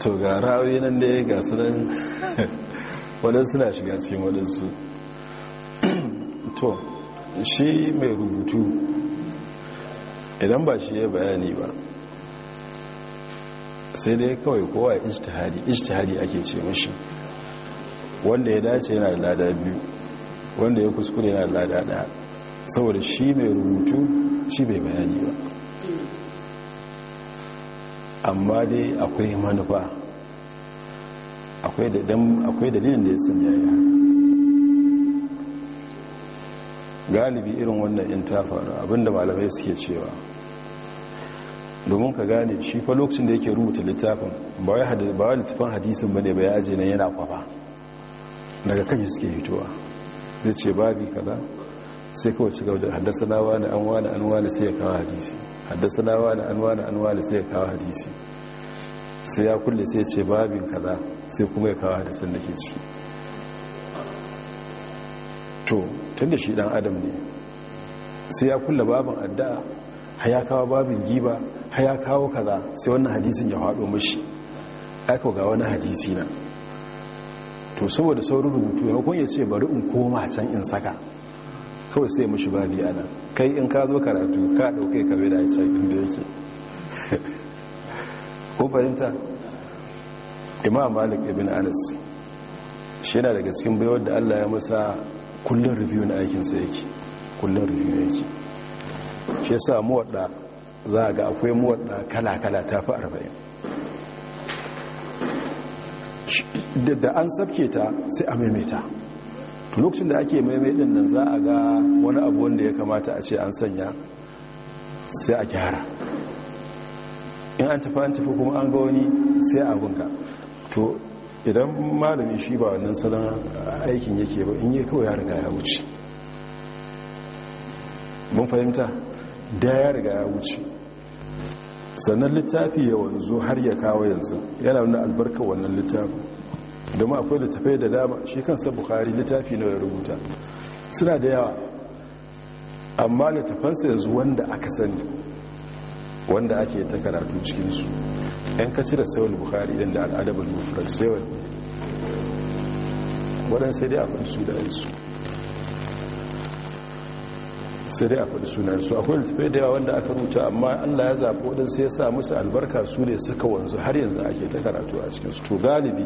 to ga ra'ayoyi nan da ya gasu nan waɗansu suna shiga cikin waɗansu to shi mai rubutu idan ba shi ya bayani ba sai dai kawai kowa ijtihadi ijtihadi ake ce mashi wanda ya dace yana da lada biyu wanda ya kuskure yana da lada ɗaya saboda shi mai rubutu shi bai bayani ba amma dai akwai manufa akwai dalilin da ya sanya ya galibi irin wannan in ta faru abinda malamai suke cewa domin ka gane shi fa lokacin da yake rubuta littafin ba wa littafin hadisun ba ne ba ya aje na yana kwafa daga kan suke fitowa zai ce babi kaza sai kawai ci gaba da haddasa na wani an wani an wani sai ya kawo hadisi haddasa wani an wani an wani sai ya kawo hadisi sai ya kulle sai ce babin kaza sai kuma ya kawo hadisan da ke ciki to tun da shi dan adam ne sai ya kulle babin addu'a haya ya kawo babin giba haya ya kawo kaza sai wannan hadisin ya faɗo mashi aiko ga wani hadisi na to saboda saurin rubutu ya kun ya ce bari in koma can in saka kawai sai mushi babi ana kai in ka zo karatu ka dauke ka bai da sai inda yake ko fahimta imam malik ibn anas shi yana daga cikin baiwar da allah ya masa kullum review na aikinsa yake kullum review yake shi ya sa muwadda za a ga akwai muwadda kala-kala ta fi arba'in da an sabke ta sai a maimaita lokacin da ake maimaitin nan za a ga wani abu wanda ya kamata a ce an sanya sai a gyara in an tafi an tafi kuma an ga wani sai a gunga to idan malami shi ba wannan salon aikin yake ba in yi kawai ya riga ya wuce mun fahimta da ya riga ya wuce sannan littafi ya wanzu har ya kawo yanzu yana wani albarka wannan littafin domin akwai tafai da dama shi kansa bukari littafi na ya rubuta suna da yawa amma littafansa yanzu wanda aka sani wanda ake ta karatu cikinsu yan ka cire sayar bukari idan da al'adabar mufrar sayar waɗansa dai a faɗi sunayensu sai dai a faɗi sunayensu akwai littafai da yawa wanda aka rubuta amma allah ya zafi waɗansu ya sa musu albarka su ne suka wanzu har yanzu ake ta karatu a cikinsu to galibi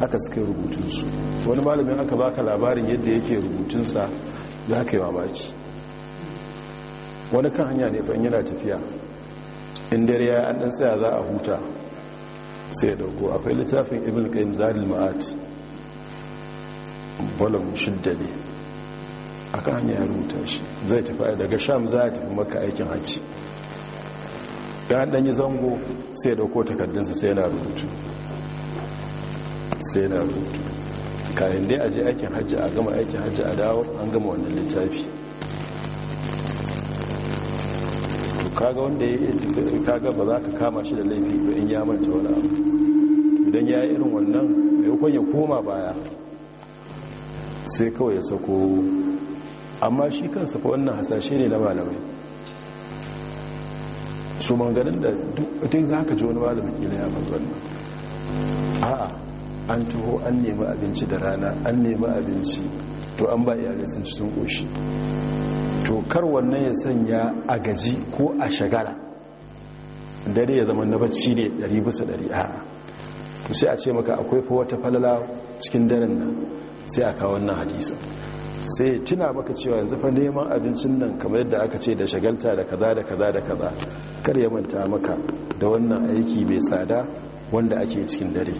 haka suka rubutunsu wani malamin aka baka labarin yadda yake rubutunsa za ka yi mamaki wani kan hanya ne ban yana tafiya in dare ya an dan tsaya za a huta sai ya dauko akwai littafin ibn qayyim zalil ma'at bolam shidda ne akan hanya ya rubuta shi zai tafi daga sham za a tafi maka aikin hajji ya dan yi zango sai ya dauko takardunsa sai yana rubutu sai yana rubutu kayan dai aje aikin hajji a gama aikin hajji a dawo an gama wannan littafi kaga wanda ya yi kaga ba za ka kama shi da laifi ba in ya manta wani abu idan ya yi irin wannan maimakon ya koma baya sai kawai ya sako amma shi kansa fa wannan hasashe ne na malamai su manganin da duk za ka ji wani malamai kila ya manzo wannan a'a an tuho an nemi abinci da rana an nemi abinci to an ba iyalai sun ci sun koshi to kar wannan ya sanya a gaji ko a shagara dare ya zama na bacci ne dari bisa a to sai a ce maka akwai fa wata falala cikin daren nan sai a kawo wannan hadisa sai tuna maka cewa yanzu fa neman abincin nan kamar yadda aka ce da shagalta da kaza da kaza da kaza kar ya manta maka da wannan aiki mai tsada wanda ake cikin dare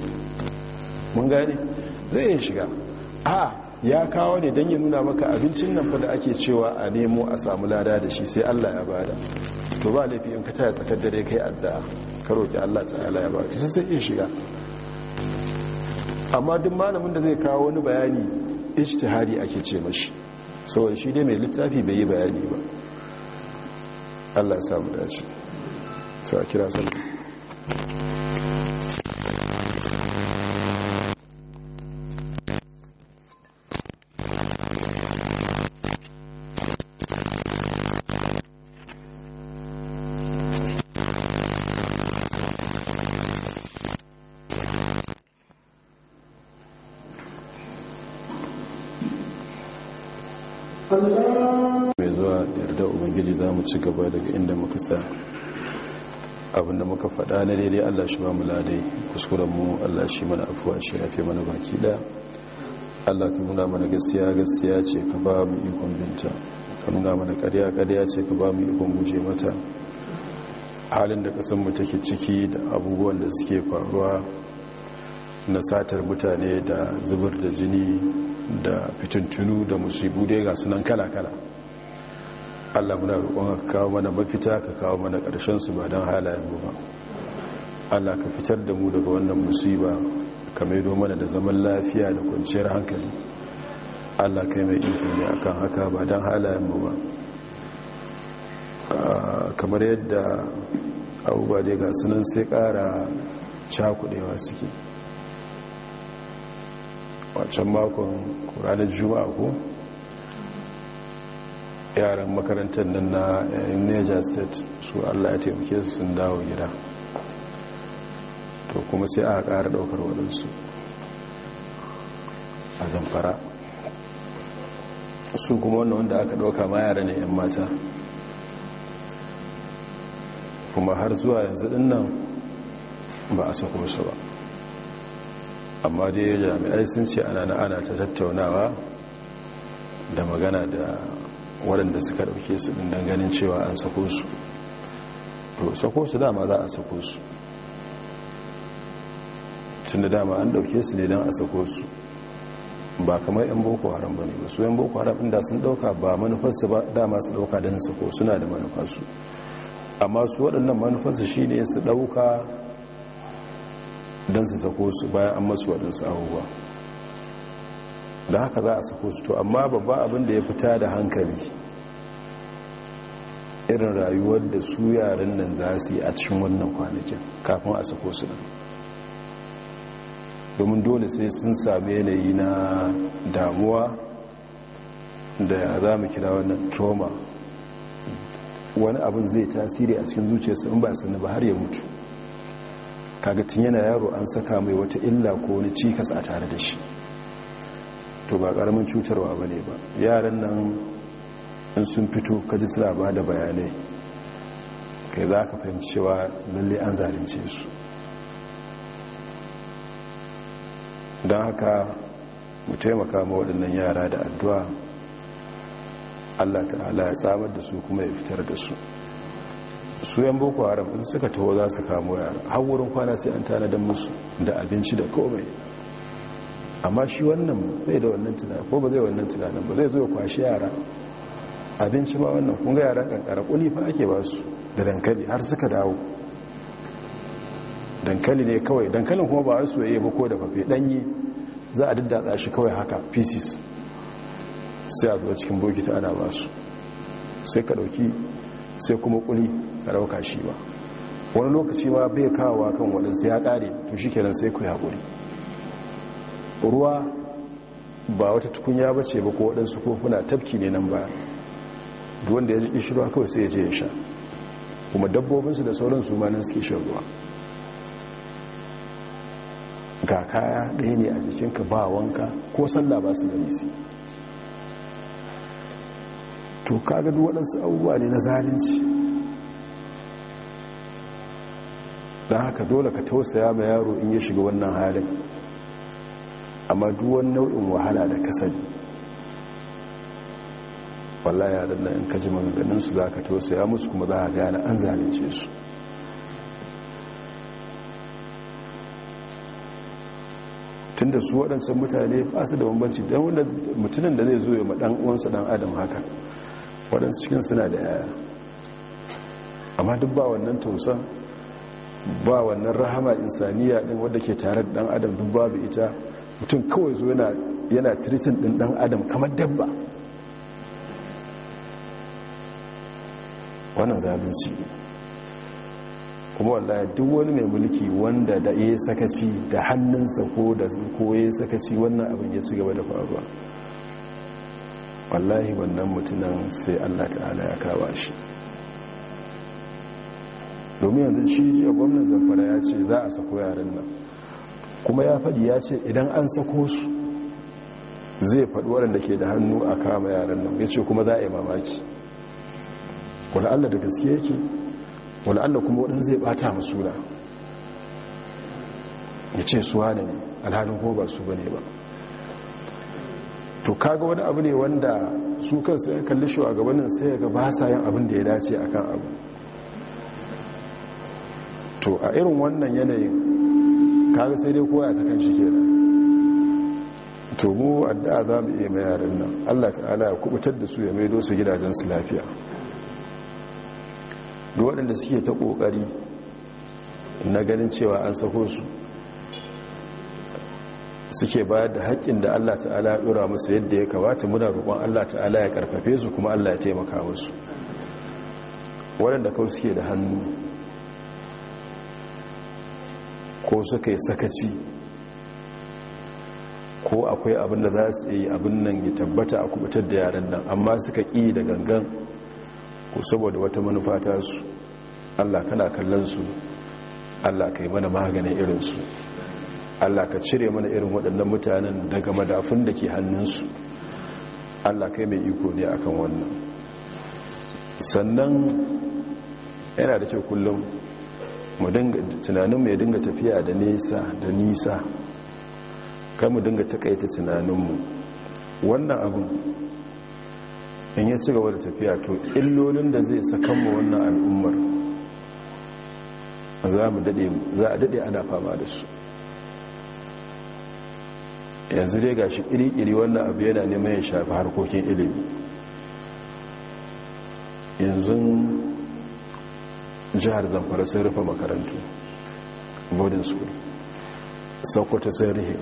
mun gane zai iya shiga a ya kawo ne don ya nuna maka abincin nan fa da ake cewa a nemo a samu lada da shi sai allah ya bada to ba laifi in ka ya tsakar dare kai addu'a ka roƙi allah ta'ala ya bada sai iya shiga amma duk malamin da zai kawo wani bayani ijtihadi ake ce mashi saboda shi dai mai littafi bai yi bayani ba allah ya samu dace to a kira sallah ci gaba daga inda muka tsaya abinda muka faɗa na daidai allah shi ba mu ladai kuskuren mu allah shi mana afuwa shi ya fi mana baki ɗaya allah ka nuna mana gaskiya gaskiya ce ka ba mu ikon binta ka nuna mana karya karya ce ka ba mu ikon guje mata halin da kasan mu take ciki da abubuwan da suke faruwa na satar mutane da zubar da jini da fitintunu da musibu dai ga sunan kala-kala allah muna roƙon ka kawo mana mafita ka kawo mana ƙarshen su ba don halayen mu ba allah ka fitar da mu daga wannan musiba ka maido mana da zaman lafiya da kwanciyar hankali allah kai mai iko ne akan haka ba don halayen mu ba ah, kamar yadda abubuwa dai ga sunan sai ƙara cakudewa suke wacan makon ranar juma'a ko yaran makarantar nan na eh, niger state su allah ya taimake su sun dawo gida to kuma sai a ƙara ɗaukar waɗansu a zamfara su kuma wannan wanda aka ɗauka ma yara ne 'yan mata kuma har zuwa yanzu ɗinnan nan ba a sako su ba amma dai jami'ai sun ce ana na ana ta tattaunawa da magana da waɗanda suka ɗauke su ɗin ganin cewa an sako su to sako su dama za a sako su tun da dama an ɗauke su ne don a sako su ba kamar 'yan boko haram ba ne ba su 'yan boko haram inda sun ɗauka ba manufarsu ba dama su ɗauka don sako suna da manufarsu amma su waɗannan manufarsu shi ne su ɗauka don su sako su bayan an masu waɗansu abubuwa da haka za a sako su to amma babba abin da ya fita da hankali irin rayuwar da su yaren nan za su yi a cikin wannan kwanakin kafin a sako su nan domin dole sai sun sami yanayi na damuwa da za mu kira wannan trauma wani abin zai tasiri a cikin zuciyarsa in ba su sani ba har ya mutu kagatin yana yaro an saka mai wata illa ko wani cikas a tare da shi to ba karamin cutarwa ba ne ba yaran nan in sun fito ka ji suna ba da bayanai kai za ka fahimci cewa lalle an zalunce su don haka mu taimaka ma waɗannan yara da addu'a allah ta'ala ya tsamar da su kuma ya fitar da su su yan boko haram in suka taho za su kamo yara har wurin kwana sai an tanadar musu da abinci da komai amma shi wannan zai da wannan tunanin ko ba zai wannan tunanin ba zai zo ya kwashi yara abinci ba wannan kunga yara kankara kuli fa ake ba su da dankali har suka dawo dankali ne kawai dankalin kuma ba su ya ba ko da fafe danyi za a daddatsa shi kawai haka pieces sai a zuwa cikin bokiti ana ba su sai ka dauki sai kuma kuli ka dauka shi ba wani lokaci ma bai kawo kan waɗansu ya kare to shi kenan sai ku haƙuri ruwa ba wata tukunya ba ce ba ko waɗansu kofuna tafki ne nan ba wanda ya ji ƙishirwa kawai sai ya je ya sha kuma dabbobinsu da sauran su manan suke shan ruwa ga kaya ɗaya ne a jikinka ba wanka ko sallah ba su da nisi to kaga duk waɗansu abubuwa ne na zalunci don haka dole ka tausaya ma yaro in ya shiga wannan halin amma duwan nau'in wahala da ka sani ya danna in ka ji maganganun su zaka tausaya musu kuma za ka gane an zalunce su tunda su waɗansu mutane ba su da bambanci don wanda mutunan da zai zo ya maɗan uwansa ɗan adam haka waɗansu cikin suna da yaya amma duk ba wannan tausan ba wannan rahama insaniya ɗin wadda ke tare da ɗan adam duk babu ita mutum kawai zo yana tiritin ɗin ɗan adam kamar dabba wannan zalunci kuma duk wani mai mulki wanda da ya sakaci da hannunsa ko da ko ya sakaci wannan abin ya ci gaba da faruwa wallahi wannan mutunan sai Allah ta'ala ya kawo shi domin yanzu shi jiya gwamnan zamfara ya ce za a sako yaren nan kuma ya faɗi ya ce idan an sako su zai faɗi waɗanda ke da hannu a kama yaran nan ya ce kuma za a yi mamaki Allah da gaske yake Allah kuma waɗanda zai ɓata masu na ya ce suwa ne alhalin ko ba su bane ba to kaga wani abu ne wanda su kansu ya kalli gabanin sai ga ba sa yin abin da ya dace akan abu to a irin wannan yanayin kaga sai dai koya ta kan shi ke da tomo addu'a za mu iya mayarin nan allah ta'ala ya kubutar da su ya maido su gidajensu lafiya da waɗanda suke ta ƙoƙari na ganin cewa an sako su suke bayar da haƙƙin da allah ta'ala ya ɗora musu yadda ya kawata muna roƙon allah ta'ala ya ƙarfafe su kuma allah ya taimaka musu waɗanda kawai suke da hannu ko suka yi sakaci ko akwai abin da za su yi abin nan ya tabbata a kubutar da yaren nan amma suka ƙi da gangan ko saboda wata manufata ta su allah kana kallon su allah ka yi mana maganin irinsu allah ka cire mana irin waɗannan mutanen daga madafin da ke hannunsu allah kai mai iko ne akan wannan sannan yana da kyau kullum tunaninmu ya dinga tafiya da nesa da nisa kai mu dinga takaita tunaninmu wannan abin in ya ci gaba da tafiya to illolin da zai sakanmu wannan al'ummar za a daɗe ana fama da su yanzu dai gashi iri-iri wannan abu yana neman ya shafi harkokin ilimi yanzu jihar zamfara sai rufe makarantu boarding school sokoto sai rufe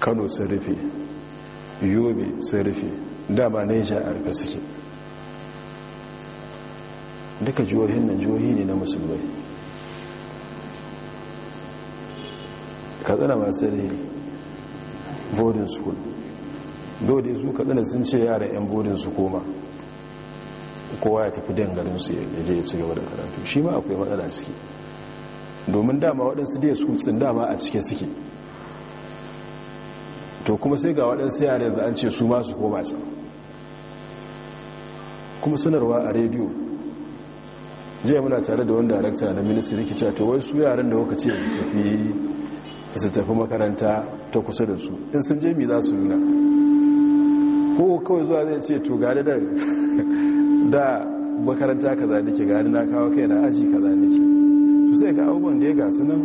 kano sai rufe yobe sai rufe dama naija a rufe suke duka jihohin nan jihohi ne na musulmai katsina masu rufe boarding school dole su katsina sun ce yara 'yan boarding su koma kowa ya tafi dan garin su ya je ya ci gaba da karatu shi ma akwai matsala ciki domin dama waɗansu dai su tsin dama a cike suke to kuma sai ga waɗansu yare da an ce su ma su koma can kuma sanarwa a rediyo jiya muna tare da wani darakta na ministry rikica to wai su yaran da kuka ce su tafi su tafi makaranta ta kusa da su in sun je mi za su nuna ko kawai zuwa zai ce to gari da da makaranta kaza nake gani na kawo kai na aji kaza nake to sai ga abubuwan da ya gasu nan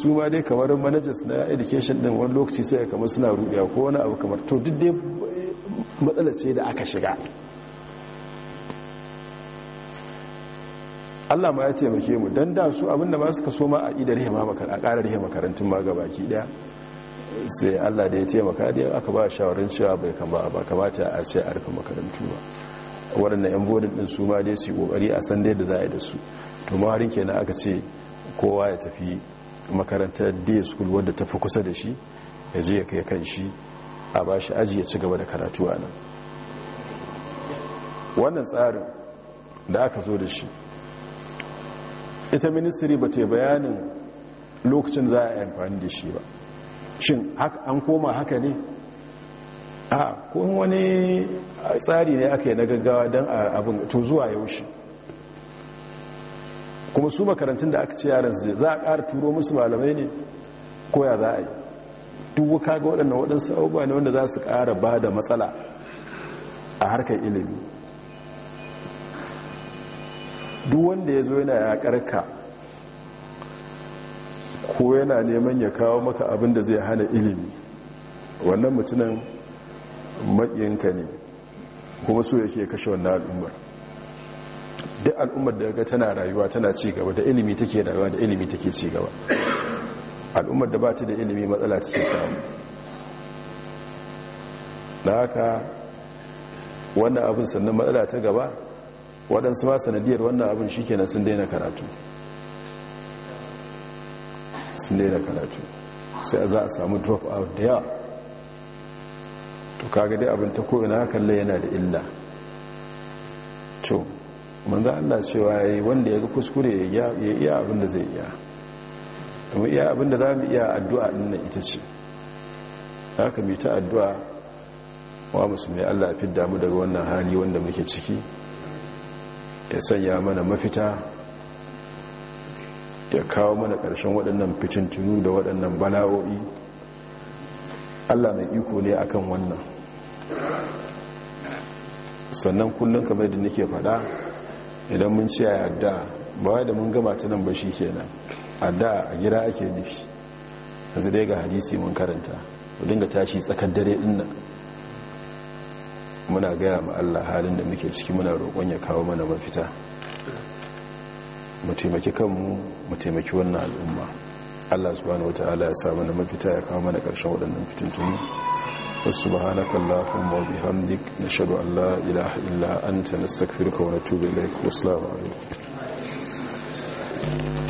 su ma dai kamar managers na education din wani lokaci sai kamar suna rubiya ko wani abu kamar to duk dai matsala ce da aka shiga Allah ma ya taimake mu dan da su abinda ba su kaso ma a idar hima a karar hima makarantun ma baki daya sai Allah da ya taimaka da aka ba shawarin cewa bai kama ba kamata a ce a rufe makarantu ba waɗannan yan bodin ɗin su ma dai su ƙoƙari a san da za a yi da su to mawarin kenan aka ce kowa ya tafi makarantar day school wadda ta fi kusa da shi ya je ya kai kan shi a ba shi aji ya ci gaba da karatu a nan wannan tsarin da aka zo da shi ita ministry ba ta bayanin lokacin za a yi amfani da shi ba shin an koma haka ne a kun wani tsari ne aka yi na gaggawa don abin to zuwa yaushe kuma su makarantun da aka ce yaran su za a ƙara turo musu malamai ne koya za a yi duk kaga waɗannan waɗansu abubuwa ne wanda za su ƙara ba da matsala a harkar ilimi duk wanda ya zo yana yaƙar ka ko yana neman ya kawo maka abin da zai hana ilimi wannan mutumin maƙiyinka ne kuma so yake kashe wannan al'ummar duk al'ummar da ga tana rayuwa tana ci gaba da ilimi take rayuwa da ilimi take ci gaba al'ummar da ba ta da ilimi matsala take samu da haka wannan abin sannan matsala ta gaba waɗansu ma sanadiyar wannan abin shi kenan sun daina karatu sun daina karatu sai za a samu drop out da yawa to kaga dai abin ta ko'ina kalle yana da illa to manzo Allah cewa yayi wanda ga kuskure ya iya abin da zai iya domin iya abin da za zamu iya addu'a din ita ce za mi ta addu'a wa musulmi Allah fi fidda mu daga wannan hali wanda muke ciki ya sanya mana mafita ya kawo mana ƙarshen waɗannan fitintunu da waɗannan bala'o'i allah mai iko ne akan wannan sannan kullum kamar da nake faɗa idan mun ce a yadda ba da mun gama ta nan ba shi kenan nan a gida ake nufi yanzu dai ga hadisi mun karanta mu dinga tashi tsakar dare din nan muna gaya ma Allah halin da muke ciki muna roƙon ya kawo mana mafita mu taimaki kanmu mu taimaki wannan al'umma Allah subhanahu wa ta'ala ya samu da mafita ya kawo mana ƙarshen waɗannan fitintuni subhanaka allahumma wa bihamdik nashhadu an la ilaha illa anta na wa natubu ilayk wa assalamu alaykum